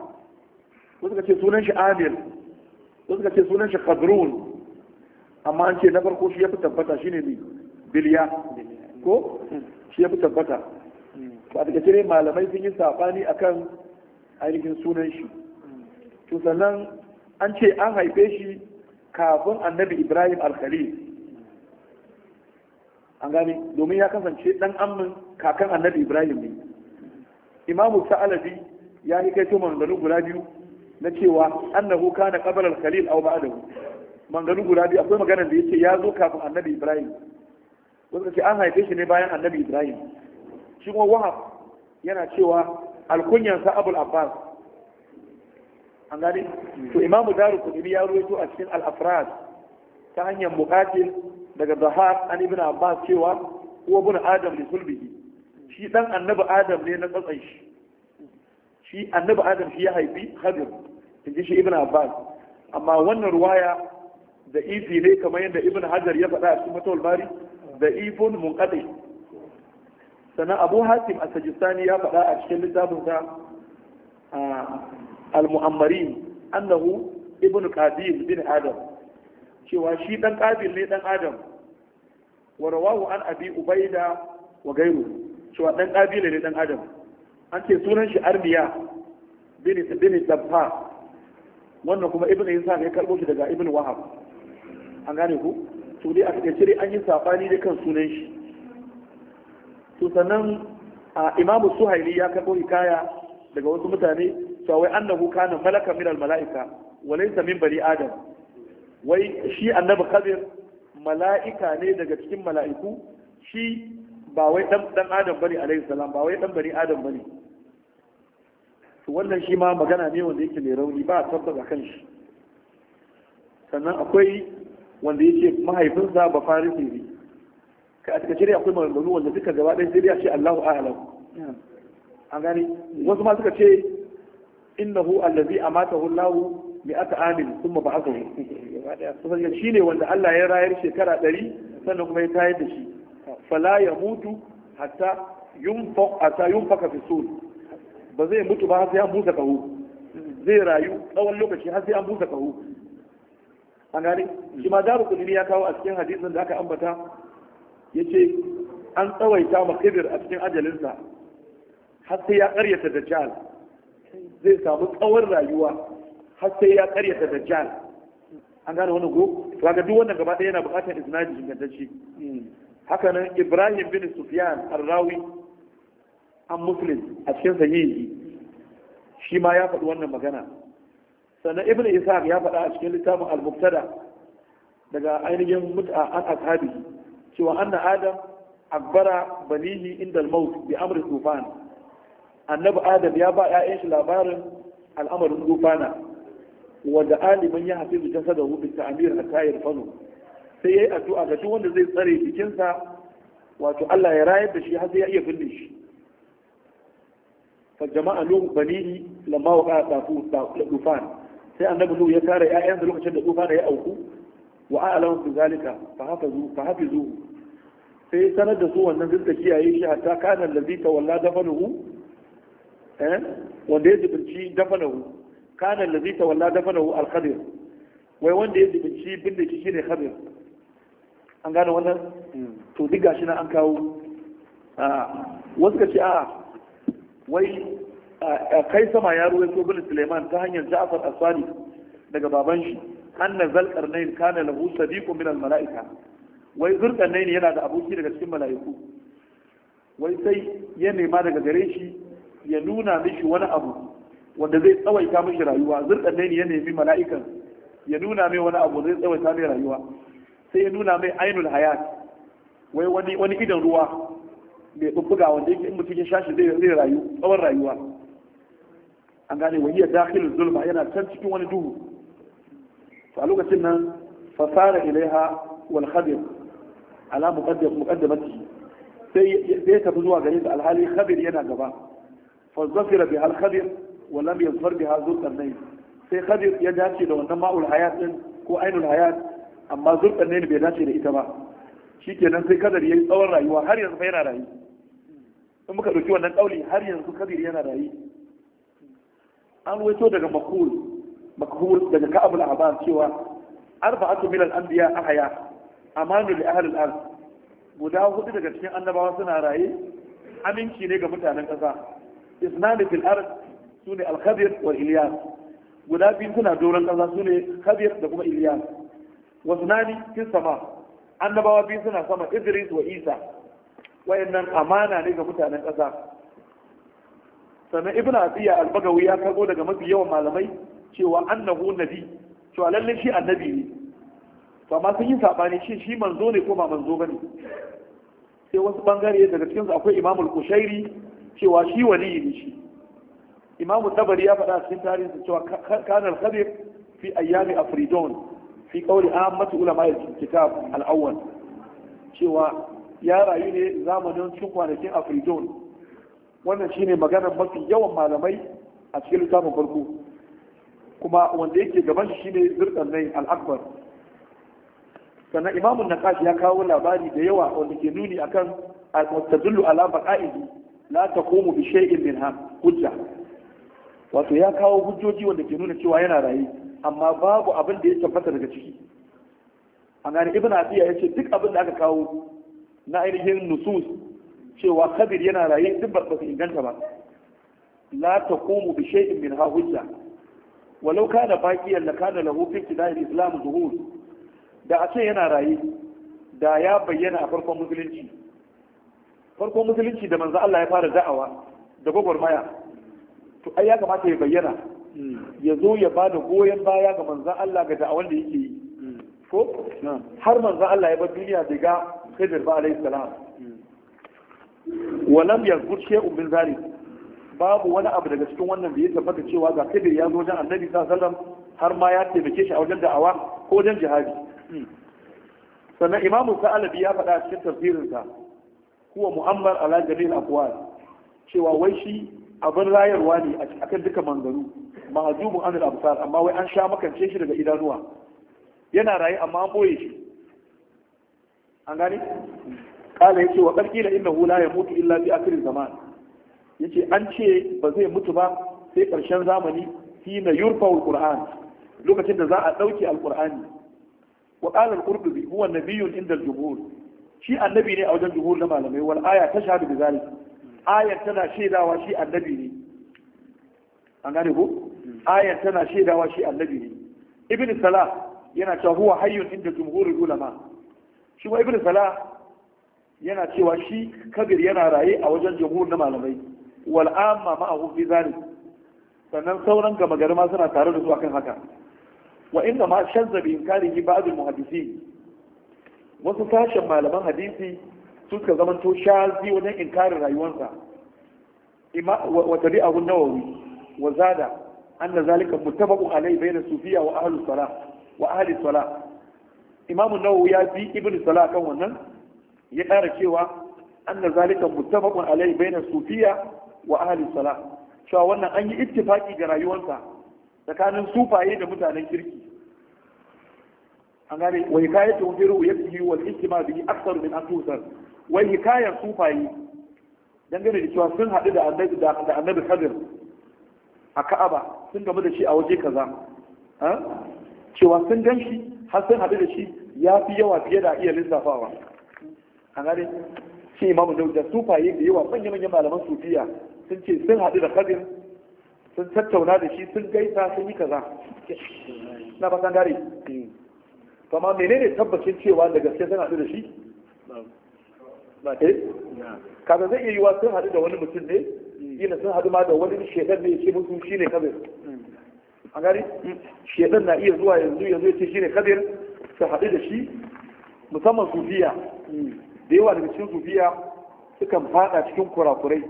wasu ka ce sunan shi amir wasu ka ce sunan shi kadrun amma an ce na farko shi ya fi tabbata shine ne biliya ko shi ya fi tabbata a daga cire malamai sun yi saɓani akan ainihin sunan shi to sannan an ce an haife shi kafin annabi ibrahim alkhalil an gane domin ya kasance dan amin kakan annabi ibrahim ne imamu sa'alabi ya yi kai to mangalu guda biyu na cewa annahu kana qabala al-khalil aw ba'dahu mangalu guda biyu akwai maganar da yake ya zo kafin annabi ibrahim wanda ce an haife shi ne bayan annabi ibrahim shi kuma wahab yana cewa alkunyansa abul abbas an gani to imamu daru kudiri ya ruwaito a cikin al-afrad ta hanyar muqatil daga zahar an ibn abbas cewa huwa ibn adam ne sulbihi shi dan annabi adam ne na tsatsan shi shi annabi adam shi ya haifi hadir inji shi ibn abbas amma wannan ruwaya da ifi ne kamar yadda ibn hajar ya faɗa a cikin matawal bari da ifun munqati sannan abu hatim a sajistani ya faɗa a cikin littafinsa al-mu'ammarin annahu ibn qabil bin adam cewa shi dan qabil ne dan adam wa rawahu an abi ubaida wa gairu cewa dan qabil ne dan adam an ce sunan shi armiya bin bin dabba wannan kuma ibn insa ne karbo shi daga ibn wahab an gane ku to dai a cire an yi safani da kan sunan shi to sannan imamu suhaili ya karɓo hikaya daga wasu mutane cewa wai annahu kana malaka min mala'ika wa laysa min bani adam wai shi annabi kabir mala'ika ne daga cikin mala'iku shi ba wai dan adam bane alaihi salam ba wai dan bani adam bane to wannan shi ma magana ne wanda yake mai rauni ba a tabbata kan shi sannan akwai wanda yake mahaifinsa ba farisi ne ka a shirya akwai maganganu wanda duka gaba ɗaya shirya ce Allahu a'lam an gani wasu ma suka ce innahu allazi amatahu Allahu mi aka amin kuma ba aka yi shi ne wanda Allah ya rayar shekara ɗari sannan kuma ya tayar da shi fala ya mutu hatta yun faka fi sol ba zai mutu ba har sai an busa kahu zai rayu tsawon lokaci har sai an busa kahu an gane shi ma daru kudiri ya kawo a cikin hadisin da aka ambata ya ce an tsawaita makidir a cikin ajalinsa har sai ya karyata dajjal zai samu tsawon rayuwa har sai ya karyata dajjal an gane wani go kaga duk wannan gaba ɗaya yana buƙatar isnadi jingantacci haka nan ibrahim bin sufyan arrawi an muslim a cikin sahihi shi ma ya faɗi wannan magana sannan ibn ishaq ya faɗa a cikin littafin al-mubtada daga ainihin mut'a al ashabi cewa anna adam akbara banihi inda al-maut bi amri tufan annabi adam ya ba 'ya'yan shi labarin al'amarin tufana wanda aliman ya hafizu ta bi a tayar fano. sai yayi addu'a ga duk wanda zai tsare jikinsa wato Allah ya rayar da shi har sai ya iya binne shi fa jama'a lu banihi lamma waqa tufan sai annabi ya tare ƴaƴansa lokacin da tufana ya auku wa a'lamu bi zalika fa hafizu fa hafizu sai sanar da su wannan duk da kiyaye shi hatta kana allazi tawalla dafanuhu eh wanda ya dubinci dafanahu kana allazi tawalla dafanahu al-khadir wai wanda ya dubinci bin da shine khadir an gane wannan hmm. to duk gashi na an kawo wasu ka a wai kai sama ya so bin Suleiman ta hanyar Ja'far Aswani daga baban shi anna zalqarnain kana lahu sadiqun min mala'ika. wai zurqarnain yana da aboki daga cikin mala'iku wai sai ya nema daga gare shi ya nuna mishi wani abu wanda zai tsawaita mishi rayuwa zurqarnain ya nemi mala'ikan ya nuna mai wani abu zai tsawaita mai rayuwa sai ya nuna mai ainul hayat wai wani wani idan ruwa mai bubbuga wanda yake in mutum ya shashi zai zai rayu tsawon rayuwa an gane wani wahiyar dakhilul zulma yana can cikin wani duhu a lokacin nan fasara ilaiha wal khabir ala muqaddamati sai sai tafi zuwa gare ta alhali khabir yana gaba fa zafira bi al khabir wa lam yazfar biha zul qarnayn sai khabir ya dace da wannan ma'ul hayat din ko ainul hayat amma zul qarnayn bai dace da ita ba shikenan sai kadar yayi tsawon rayuwa har yanzu fa yana rayu in muka dauki wannan kauli har yanzu kabir yana rayu an waito daga makul makhul daga ka'abul ahbar cewa arba'atu min al-anbiya ahya amanu li ahli al-ard guda hudu daga cikin annabawa suna raye aminci ne ga mutanen ƙasa. isnani fil ard sune al-khadir wal ilyas guda biyu suna doron ƙasa sune khadir da kuma ilyas wasnani fil sama annabawa biyu suna sama idris wa isa wayannan amana ne ga mutanen ƙasa. sannan ibnu abiya al-bagawi ya kago daga mafi yawan malamai cewa annahu nabi cewa lallai shi annabi ne to amma sun yi sabani shi shi manzo ne ko ba manzo bane sai wasu bangare daga cikin su akwai imamul kushairi cewa shi wali ne shi imamu tabari ya faɗa cikin tarihi cewa kanar khabir fi ayyami afridon fi qawli ammatu ulama kitab al-awwal cewa ya rayu ne zamanin cikin kwanakin afridon wannan shine maganar mafi yawan malamai a cikin littafin farko kuma wanda yake gaban shi ne zurqarnain al-akbar sannan imamun naqash ya kawo labari da yawa wanda ke nuni akan al-mustadillu ala baqa'ihi la taqumu bi min ha hujja wato ya kawo hujjoji wanda ke nuna cewa yana raye amma babu abin da ya tabbata daga ciki an gane ibn ya yace duk abin da aka kawo na ainihin nusus cewa kabir yana raye duk ba su inganta ba la taqumu bi min ha hujja walau kana bakiyar la kana lahu fi kidai islam zuhur da a ce yana raye da ya bayyana a farkon musulunci farkon musulunci da manzo Allah ya fara da'awa da gwagwarmaya to ai ya kamata ya bayyana ya zo ya ba goyon baya ga manzan Allah ga da'awar da yake yi ko har manzan Allah ya bar duniya daga Khidir ba alayhi salam walam yazkur shay'un min zalik babu wani abu daga cikin wannan da ya tabbata cewa ga kai ya zo wajen annabi sallallahu alaihi wasallam har ma ya taimake shi a wajen da'awa ko wajen jihadi sannan imamu sa'alabi ya faɗa cikin tafsirinsa huwa muhammad ala jami'il aqwal cewa wai shi abin rayarwa ne a kan duka manzaru ma'azubu an al-absar amma wai an sha makance shi daga idanuwa yana raye amma an boye shi an gane kala yace wa qila innahu la yamutu illa bi akhir zaman yace an ce ba zai mutu ba sai ƙarshen zamani na yurfa alquran lokacin da za a dauke alqurani wa qala alqurtubi huwa nabiyyun inda aljumhur shi annabi ne a wajen jumhur na malamai wal aya tashhadu bi zalik ayar tana shaidawa shi annabi ne an gane ko ayar tana shaidawa shi annabi ne ibn salah yana cewa huwa hayyun inda jumhurul ulama shi wa ibn salah yana cewa shi kabir yana raye a wajen jumhur na malamai wal amma ma'ahu fi zalik sannan sauran gama garma suna tare da su akan haka wa inda ma shazza bi inkarihi ba'd al muhaddisin wasu sashen malaman hadisi suka zama to shazi wajen inkarin rayuwarsa wa tabi'ahu nawawi wa zada anna zalika muttafaqun alayhi bayna sufiya wa ahli salah wa ahli salah imamu nawawi ya bi Ibn Sala kan wannan ya ƙara cewa anna zalika muttafaqun alayhi bayna sufiya wa ahli salah cewa wannan an yi ittifaki ga rayuwarsa tsakanin sufaye da mutanen kirki an gane wa ya fi ru'yatihi wal ijtima bihi akthar min an tusar wa hikayar sufaye dangane da cewa sun haɗu da annabi da annabi kadir a Ka'aba sun gamu da shi a waje kaza cewa sun gan shi har sun haɗu da shi ya fi yawa fiye da iya lissafawa a gane shi imamu da sufaye da yawa manya-manyan malaman sufiya sun ce sun haɗu da kadin sun tattauna da shi sun gaisa sun yi kaza na fatan gare hmm. amma menene tabbacin cewa da gaske sun haɗu da shi kaza zai iya yiwa sun haɗu da wani mutum ne yana hmm. sun haɗu ma da wani shekar ne ce musu shi ne kabir hmm. a gari shekar na iya zuwa yanzu yanzu ya ce shi ne kabir su haɗu da shi musamman sufiya da yawa daga cikin sufiya sukan faɗa cikin kurakurai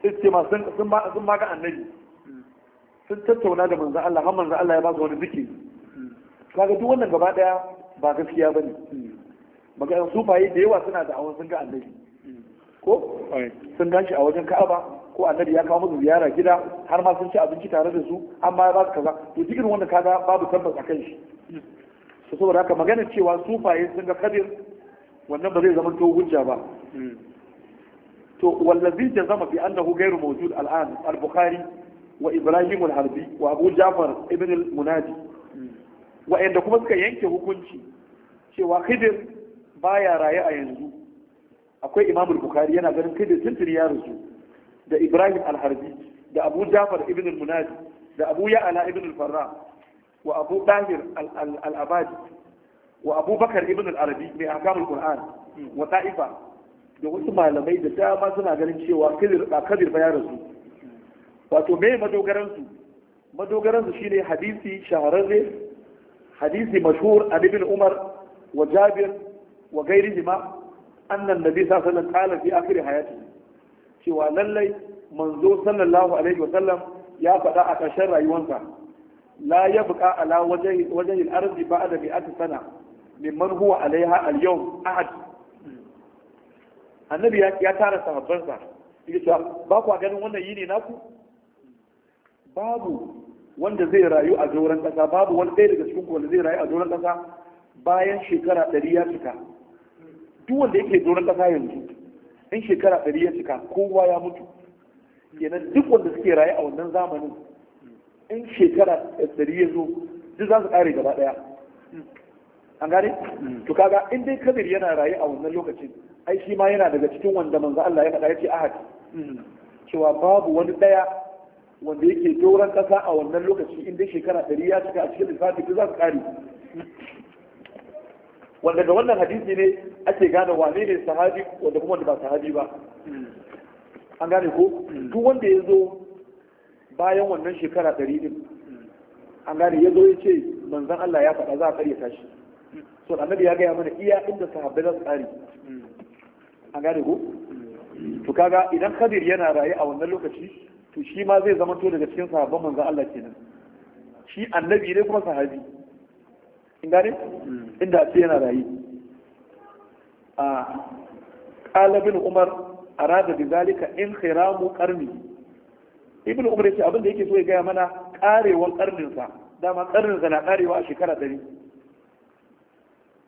sai ce ma sun ma ga annabi sun tattauna da manzan Allah har manzan Allah ya ba su wani zikiri kaga duk wannan gaba daya ba gaskiya bane maganar sufaye da yawa suna da awon sun ga annabi ko sun gashi a wajen Ka'aba ko annabi ya kawo musu ziyara gida har ma sun ci abinci tare da su amma ya ba su kaza to cikin wannan kaga babu tabbas a kan shi saboda haka magana cewa sufaye sun ga kadir wannan ba zai zama to hujja ba hmm. to wallazi jazama bi annahu ghairu mawjud al'an al-bukhari wa ibrahim al-harbi wa abu jafar ibn al-munadi wa'anda kuma suka yanke hukunci cewa khidir baya raye a yanzu akwai imam al-bukhari yana ganin khidir tuntuni ya rasu da ibrahim al-harbi da abu jafar ibn al-munadi da abu ya'ala ibn al-farra wa abu dahir al-abadi wa abu bakar ibn al-arabi mai ahkamul qur'an wa ta'ifa da wasu malamai da dama suna ganin cewa kadir ba ya rasu wato me madogaransu madogaransu shine hadisi shahararre hadisi mashhur an ibn umar wa jabir wa ghairihima annan nabi sallallahu alaihi wasallam qala fi hayati cewa lallai manzo sallallahu alaihi wa sallam, ya faɗa a ƙarshen rayuwarsa la yabqa ala wajhi wajhi al-ardi ba'da bi'ati sana mimman huwa alaiha al-yawm ahad annabi ya tara sahabbansa yake ce ba ku ganin wannan yi ne naku babu wanda zai rayu a doron ƙasa babu wani ɗaya daga cikin wanda zai rayu a doron ƙasa bayan shekara ɗari ya cika duk wanda yake doron ƙasa yanzu in shekara ɗari ya cika kowa ya mutu kenan duk wanda suke rayu a wannan zamanin in shekara ɗari ya zo duk za su ƙare gaba ɗaya an gane hmm. to kaga in dai kabir yana rayu a wannan lokacin ai shi ma yana daga cikin wanda manzo Allah ya faɗa yace ahad cewa babu wani daya wanda yake doran kasa a wannan lokaci inda shekara ɗari ya cika a cikin lissafi ta za su wanda da wannan hadisi ne ake gane wane ne sahabi wanda kuma wanda ba sahabi ba an gane ko duk wanda ya zo bayan wannan shekara ɗari din, an gane ya zo ya ce manzan Allah ya faɗa za a ƙaryata shi so annabi ya gaya mana iya inda sahabbai za su kare an gane ko to kaga idan khadir yana raye a wannan lokaci to shi ma zai zama to daga cikin sahabban manzo Allah kenan shi annabi ne kuma sahabi in gane hmm. inda ce yana raye a qala bin umar arada bi zalika in khiramu qarni ibnu umar yace abin da yake so ya gaya mana karewan karnin sa dama karnin sa na karewa a shekara 100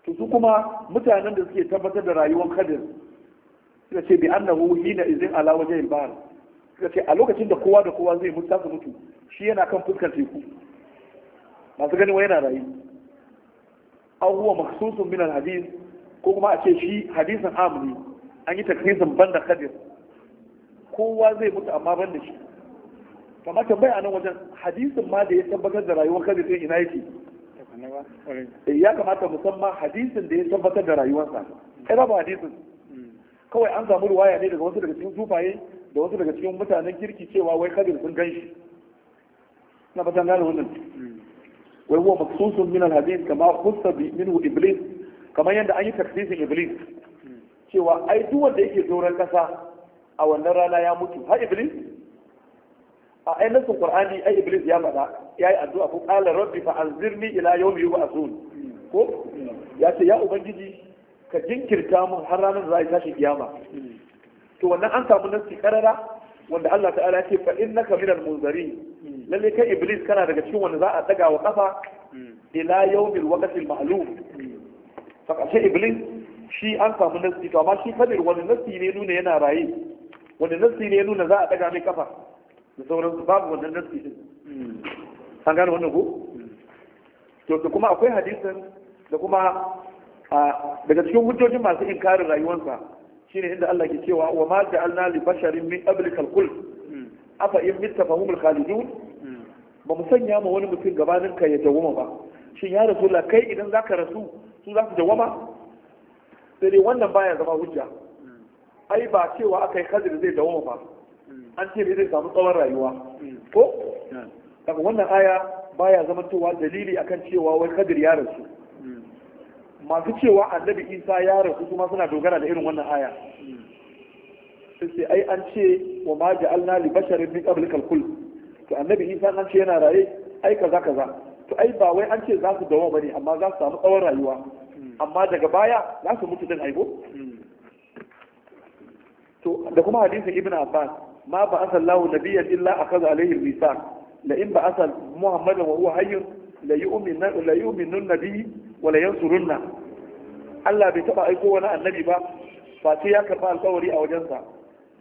to su kuma mutanen da suke tabbatar da rayuwar kadir suka ce bi annahu hina izin ala wajhil bahr suka ce a lokacin da kowa da kowa zai mutu su mutu shi yana kan fuskar teku masu ganin wa yana rayu An huwa makhsusun min hadis ko kuma a ce shi hadisin amri an yi takrisin banda kadir kowa zai mutu amma ban da shi kamar tambaya a nan wajen hadisin ma da ya tabbatar da rayuwar kadir din ina yake eh, ya kamata musamman hadisin da ya tabbatar da rayuwarsa kai ba hadisin kawai an samu ruwaya ne daga wasu daga cikin sufaye da wasu daga cikin mutanen kirki cewa wai kadir sun gan shi na fatan gane wannan wai huwa maksusun min alhadith kama kusa bi minhu iblis kamar yadda an yi taksisin iblis cewa ai duk wanda yake doron kasa a wannan rana ya mutu ha iblis a ainihin nasin qur'ani ai iblis ya faɗa yayi addu'a ko qala rabbi fa anzirni ila yawmi yub'athun ko ya ce ya ubangiji ka jinkirta mun har ranar da za a yi tashin kiyama to wannan an samu nasi karara wanda Allah ta'ala ce fa innaka minal munzari lalle kai iblis kana daga cikin wanda za a daga wa kafa ila yawmil waqtil ma'lum fa kace iblis shi an samu nasi to amma shi kadir wani nasi ne nuna yana raye wani nasi ne nuna za a daga mai kafa da sauran babu wannan nasi din an gane wannan ko to kuma akwai hadisin da kuma daga cikin hujjojin masu inkarin rayuwarsa shine inda Allah ke cewa wa ma ja'alna li basharin min qablikal khuld hmm. afa in mitta fahumul khalidun hmm. ba mu sanya ma wani mutum gabanin ka ya dawoma ba shin ya rasulullah kai idan zaka rasu su za su dawoma sai dai wannan baya zama hujja hmm. ai ba cewa akai kadir zai dawoma ba an ce zai samu tsawon rayuwa ko daga wannan aya baya cewa dalili akan cewa wai kadir ya rasu masu cewa annabi isa ya rasu kuma suna dogara da irin wannan aya sai ai an ce wa ma ja'alna li basharin min qablika al-kull to annabi isa an ce yana raye ai kaza kaza to ai ba wai an ce za su dawo bane amma za su samu tsawon rayuwa amma daga baya za su mutu din aibo to da kuma hadisin ibn abbas ma ba asallahu nabiyyan illa akaza alaihi al-misaq la in ba asal muhammadan wa huwa hayyun la yu'minu la yu'minu nabiyyi wala yansurunna Allah bai taba aiko wani annabi ba sai ya karba alƙawari a wajensa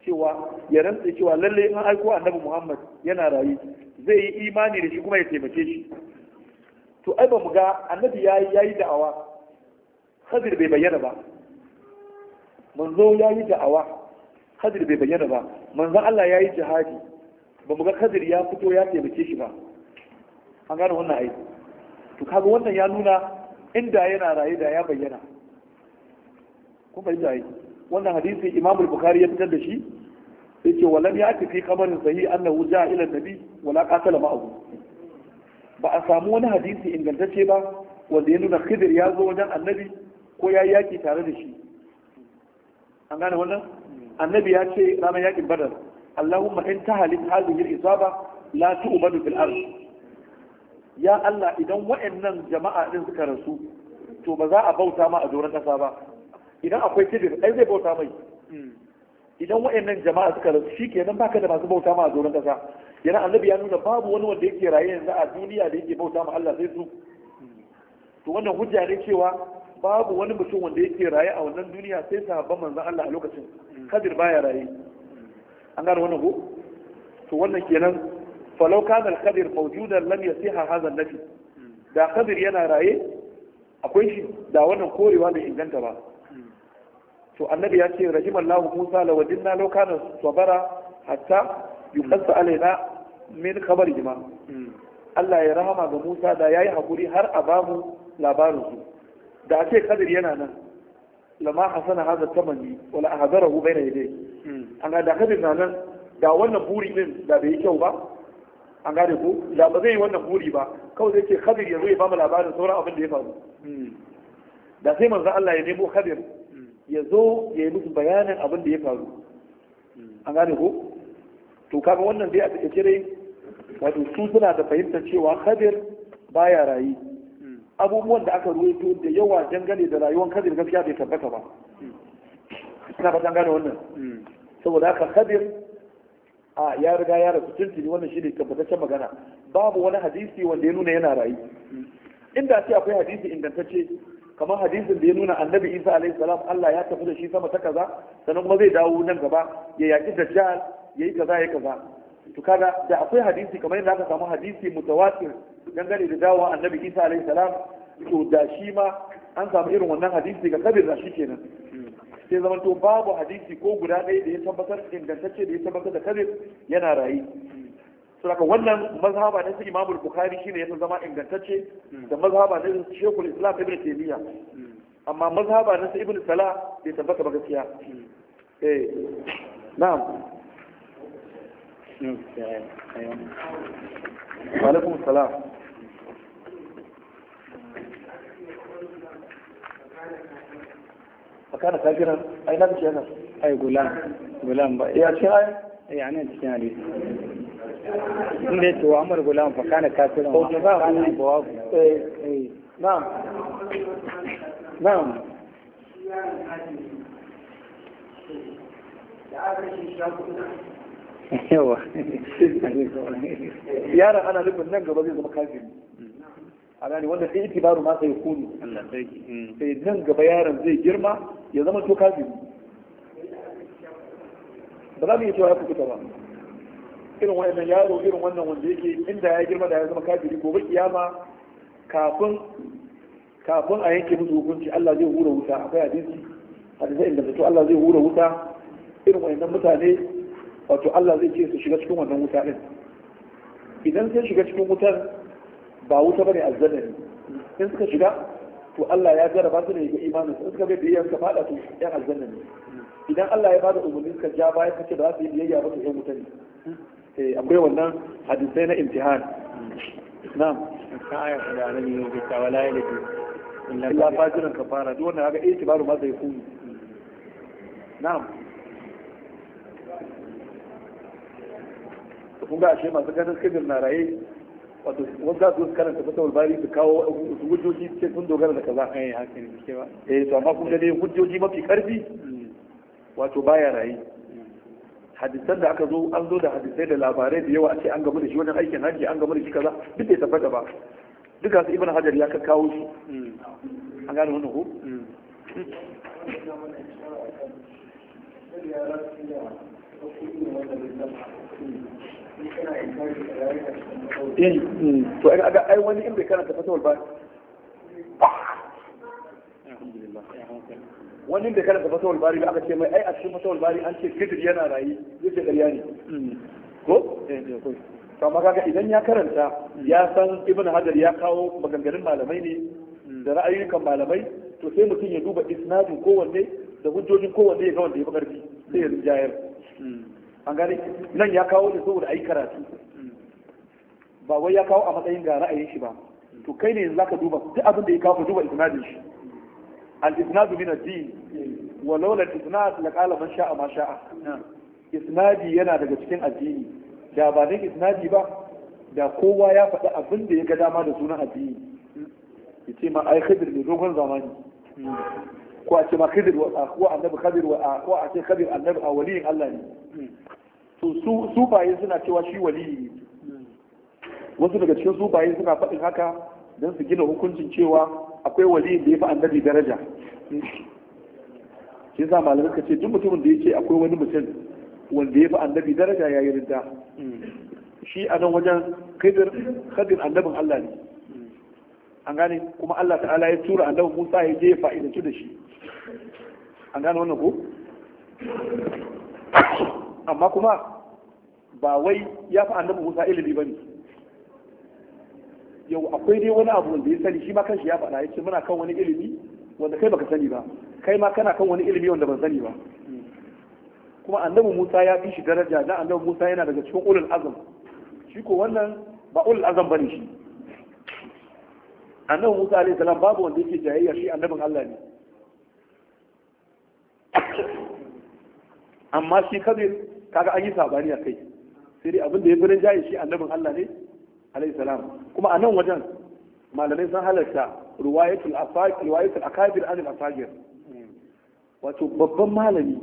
cewa ya rantsa cewa lalle in aiko annabi Muhammad yana rayu zai yi imani da shi kuma ya taimake shi to ai ba mu ga annabi yayi yayi da'awa Khadir bai bayyana ba manzo yayi da'awa Khadir bai bayyana ba manzo Allah yayi jihadi ba mu ga Khadir ya fito ya taimake shi ba an gane wannan aiki to kaga wannan ya nuna inda yana raye da ya bayyana kun fahimta yi wannan hadisi imam bukhari ya fitar da shi yace ce walam ya fi kamarin sahi annahu ja'a ila nabi wala qatala ma'ahu ba a samu wani hadisi ingantacce ba wanda ya nuna khidir ya zo wajen annabi ko ya yaki tare da shi an gane wannan annabi ya ce ranar yakin badar allahumma in tahalik hadhihi al-isaba la tu'badu fil ardh ya Allah idan waɗannan jama'a din suka rasu to ba za a bauta ma a doron ƙasa ba idan akwai kidir ai zai bauta mai idan waɗannan jama'a suka rasu shi kenan baka da masu bauta ma a doron ƙasa yana annabi ya nuna babu wani wanda yake raye yanzu a duniya da yake bauta ma Allah sai su to wannan hujja ne cewa babu wani mutum wanda yake raye a wannan duniya sai sahabban manzon Allah a lokacin kadir baya raye an gane wannan ko to wannan kenan falau kana al-qadir mawjudan lam yasiha hadha an-nafi da kadir yana raye akwai shi da wannan korewa bai inganta ba to annabi ya ce lahu musa la wajinna law kana sabara hatta yuqassa alaina min khabari jima Allah ya rahama ga Musa da yayi hakuri har a bamu labarin su da ce kadir yana nan lama hasana hada tamani wala ahadarahu bayna yadayhi an ga da kadir na nan da wannan buri din da bai kyau ba an gane ko da ba zai yi wannan buri ba kawai zai ce khadir yanzu ya ba mu labarin sauran abin da ya faru hmm. da sai manzo Allah ya nemo khadir hmm. ya zo ya yi musu bayanin abin da ya faru hmm. an gane ko to kaga wannan dai a take dai wato su suna da fahimtar cewa khadir baya rayi abubuwan da aka ruwaito da yawa dangane da rayuwar khadir gaskiya bai tabbata ba suna ba dangane wannan saboda haka khadir a ya riga ya rasu tuntuni wannan shi ne tabbataccen magana babu wani hadisi wanda ya nuna yana rayu inda ce akwai hadisi ingantacce kamar hadisin da ya nuna annabi isa alaihi salam allah ya tafi da shi sama ta kaza sannan kuma zai dawo nan gaba ya yaƙi dajjal ya yi kaza ya kaza to kaga da akwai hadisi kamar yadda aka samu hadisi mutawatir dangane da dawo annabi isa alaihi salam to da shi ma an samu irin wannan hadisi ga kabir da shi kenan sai zama to babu hadisi ko guda ɗaya da ya tabbatar ingantacce da ya tabbatar da kadir yana rayu. saboda wannan mazhaba na Imam Bukhari shine ya zama ingantacce da mazhaba na shekul Islam Ibn Taymiyyah amma mazhaba na Ibn Salah bai tabbata ba gaskiya eh na'am alaikum السلام فكان تاجرا أي لا نعم، بشيء نعم. أي غلام غلام يا شيخ يعني أنت شنو بيت هو عمر غلام فكان كاسرا اي اي نعم نعم يا رب انا nufin nan gaba zai a gani wanda sai itibaru ma sai kuni hmm. sai nan gaba yaron zai girma ya zama to kafiri ba za mu yi cewa ya kuka ba irin wannan yaro irin wannan wanda yake inda ya girma da ya zama kafiri gobe kiyama kafin kafin a yanke musu hukunci Allah zai hura wuta akwai hadisi hadisi inda zato Allah zai hura wuta irin wannan mutane wato Allah zai ce su shiga cikin wannan wuta din idan sai shiga cikin wutar ba wuta bane aljanna ne in suka shiga to Allah ya jarraba su ne ga imanin su suka bai biyayya suka fada to yan aljanna idan Allah ya bada umarni suka ja baya suka ba su yi biyayya ba to yan wuta ne eh akwai wannan hadisai na imtihan na'am kaya da annabi ne ke cewa la ilaha illa Allah fajiran kafara duk wannan kaga itibaru ma zai kuni na'am kun ga ashe masu ganin kibir na raye wato wani za su wasu karanta fatawar walbari su kawo hujjoji cikin sun dogara da kaza eh haka ne ba. eh to amma kun ga dai hujjoji mafi karfi wato baya rayu. hadisan da aka zo an zo da hadisai da labarai da yawa a ce an gamu da shi wajen aikin haji, an gamu da shi kaza duk bai tabbata ba duka su ibn hajar ya ka kawo shi an gane wannan ko Thank hmm. you. Hmm, to ai ai wani in bai karanta fatawar ba wani bai karanta fatawar bari aka ce mai ai a cikin fasa walbari an ce gidir yana rayu zai ce ƙarya ne ko amma kaga idan ya karanta ya san ibn hajar ya kawo maganganun malamai ne da ra'ayoyin malamai to sai mutum ya duba isnadin kowanne da hujjojin kowanne ya ga wanda ya fi karfi sai ya rinjayar an gane nan ya kawo ne saboda ayi karatu ba wai ya kawo a matsayin ga ra'ayin shi ba to kai ne zaka duba duk abin da ya kawo duba isnadin shi al isnadu min ad-din wa lawla al-isnad la qala man sha'a ma sha'a isnadi yana daga cikin addini da ba dan isnadi ba da kowa ya faɗi abin da ya ga dama da sunan addini ya ce ma ai khidir ne dogon zamani ko a ce ma khidir wa ko annabi khidir wa ko a ce khidir annabi a waliyin Allah ne to su baye suna cewa shi waliyi wasu daga cikin baye suna faɗin haka don su gina hukuncin cewa akwai waliyin da ya fi annabi daraja shi za malamai ka ce duk mutumin da ya ce akwai wani mutum wanda ya fi annabi daraja ya yi rinda shi a nan wajen haɗin kadir annabin Allah ne an gane kuma Allah ta'ala ya tura annabin Musa ya je ya fa'idantu da shi an gane wannan ko amma kuma ba wai ya fi annabi musa ilimi ba ne yau akwai dai wani abu wanda ya sani shi ma kan shi ya faɗa ya ce muna kan wani ilimi wanda kai baka sani ba kai ma kana kan wani ilimi wanda ban sani ba kuma annabi musa ya fi shi daraja da annabi musa yana daga cikin ulul azam shi ko wannan ba ulul azam bane shi annabi musa alayhi salam babu wanda yake jayayya shi annabin allah ne amma shi kabir kaga an yi sabani a kai sai dai abin da ya birin jayi shi annabin Allah ne alayhi salam kuma a nan wajen malamai sun halarta ruwayatul afaq ruwayatul akabir an al-afagir wato babban malami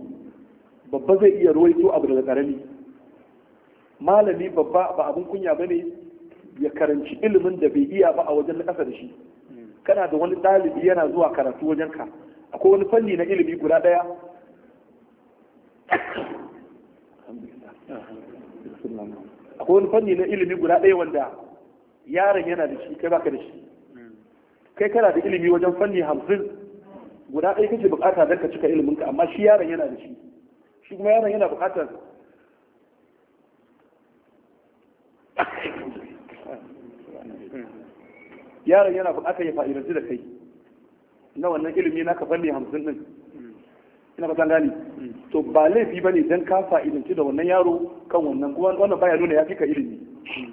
babba zai iya ruwaito abu daga karami malami babba ba abin kunya bane ya karanci ilimin da bai iya ba a wajen na kasa da shi kana da wani ɗalibi yana zuwa karatu wajen ka akwai wani fanni na ilimi guda ɗaya akwai wani fanni na ilimi guda ɗaya wanda yaron yana da shi kai baka da shi kai kana da ilimi wajen fanni hamsin guda ɗaya kake bukata don ka cika iliminka amma shi yaron yana da shi shi kuma yaron yana bukatar yaron yana bukatar ya fa'idanci da kai na wannan ilimi na ka fanni hamsin din ina ba gani mm. to ba laifi bane don ka fa'idanci da wannan yaro kan wannan kuma wannan baya nuna ya fi ka ilimi mm.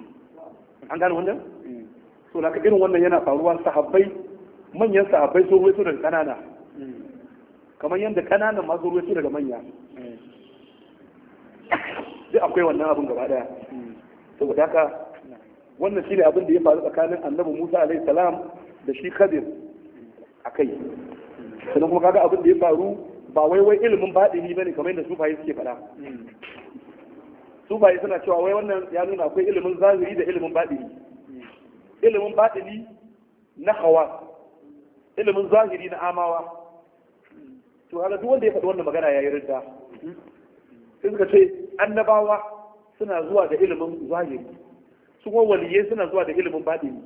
an gane wannan mm. so da irin wannan yana faruwa sahabbai manyan sahabbai sun ruwaito daga kanana kamar yadda kananan ma sun ruwaito daga manya duk akwai wannan abin gaba daya saboda haka wannan shine abin da ya faru tsakanin annabi Musa alaihi salam da shi Khadir akai sannan kuma kaga abin da ya faru ba wai wai ilimin baɗini ba ne kamar yadda sufaye suke faɗa sufaye suna cewa wai wannan ya nuna akwai ilimin zahiri da ilimin baɗini ilimin baɗini na hawa ilimin zahiri na amawa to haka duk wanda ya faɗi wannan magana ya yi ridda sai suka ce annabawa suna zuwa da ilimin zahiri su kuma waliye suna zuwa da ilimin baɗini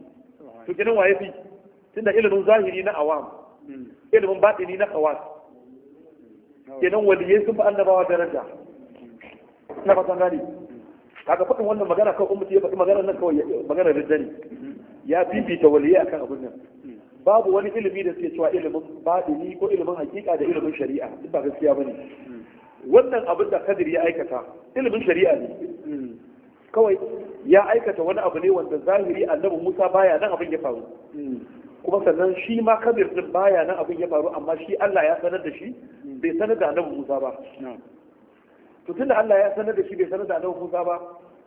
to kenan waye fi tunda ilimin zahiri na awam ilimin baɗini na hawa kenan waliyai sun fi annabawa daraja na fatan gani kaga faɗin wannan magana kawai ummati ya faɗi magana nan kawai magana da ne ya fifita waliyai akan abin nan babu wani ilimi da suke cewa ilimin baɗini ko ilimin hakika da ilimin shari'a duk ba gaskiya bane wannan abin da kadir ya aikata ilimin shari'a ne kawai ya aikata wani abu ne wanda zahiri annabi Musa baya nan abin ya faru kuma sannan shi ma kabir din baya nan abin ya faru amma shi Allah ya sanar da shi bai sanar da annabi Musa ba to tunda Allah ya sanar da shi bai sanar da annabi Musa ba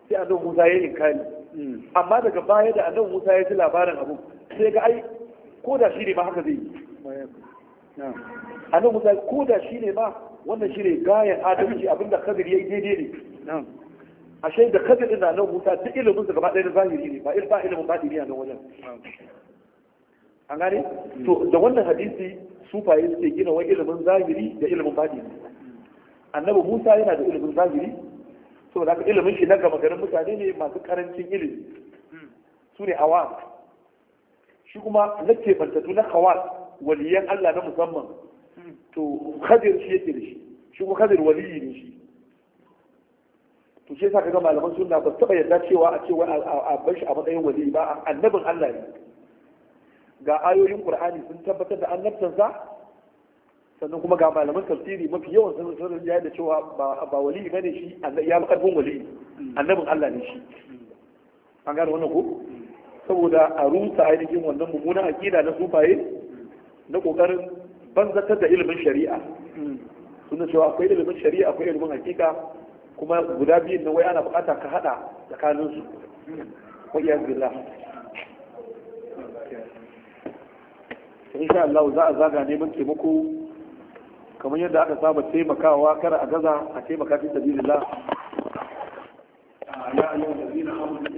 sai annabi Musa ya inkari mm. amma daga baya da annabi Musa ya ji labarin abu sai ga ai ko da shi ne ma haka zai yi annabi Musa ko da shi ne ma wannan shi ne gayan adalci abinda kadir ya yi daidai ne ashe da Khadir da annabi Musa duk ilimin su gaba ɗaya da zahiri ne ba ilimin ba ilimin batini a nan wajen an gane mm. to da wannan hadisi sufaye suke gina wani ilimin zahiri da ilimin baɗi annabi musa yana da ilimin zahiri So da ilimin shi na gama garin mutane ne masu karancin ilimi su ne awa shi kuma na kebantattu na Hawas waliyan allah na musamman to khadir shi yake da shi shi kuma khadir waliyi ne shi to shi yasa ga malaman sunna ba su taba yarda cewa a cewa a bar shi a matsayin waliyi ba annabin allah ne ga ayoyin qur'ani sun tabbatar da annabtansa sannan kuma ga malaman tafsiri mafi yawan sun sun ya da cewa ba wali bane shi ya karfin wali annabin Allah ne shi an gane wannan ko saboda a rusa ainihin wannan mummunan aqida na sufaye na kokarin banzatar da ilimin shari'a suna cewa akwai ilimin shari'a akwai ilimin hakika kuma guda biyu na wai ana bukata ka hada su wa iyaz billah to insha Allah za a zaga neman taimako kamar yadda aka saba taimakawa kada a gaza a taimaka fi sabilillah ya ayyuhal ladina amanu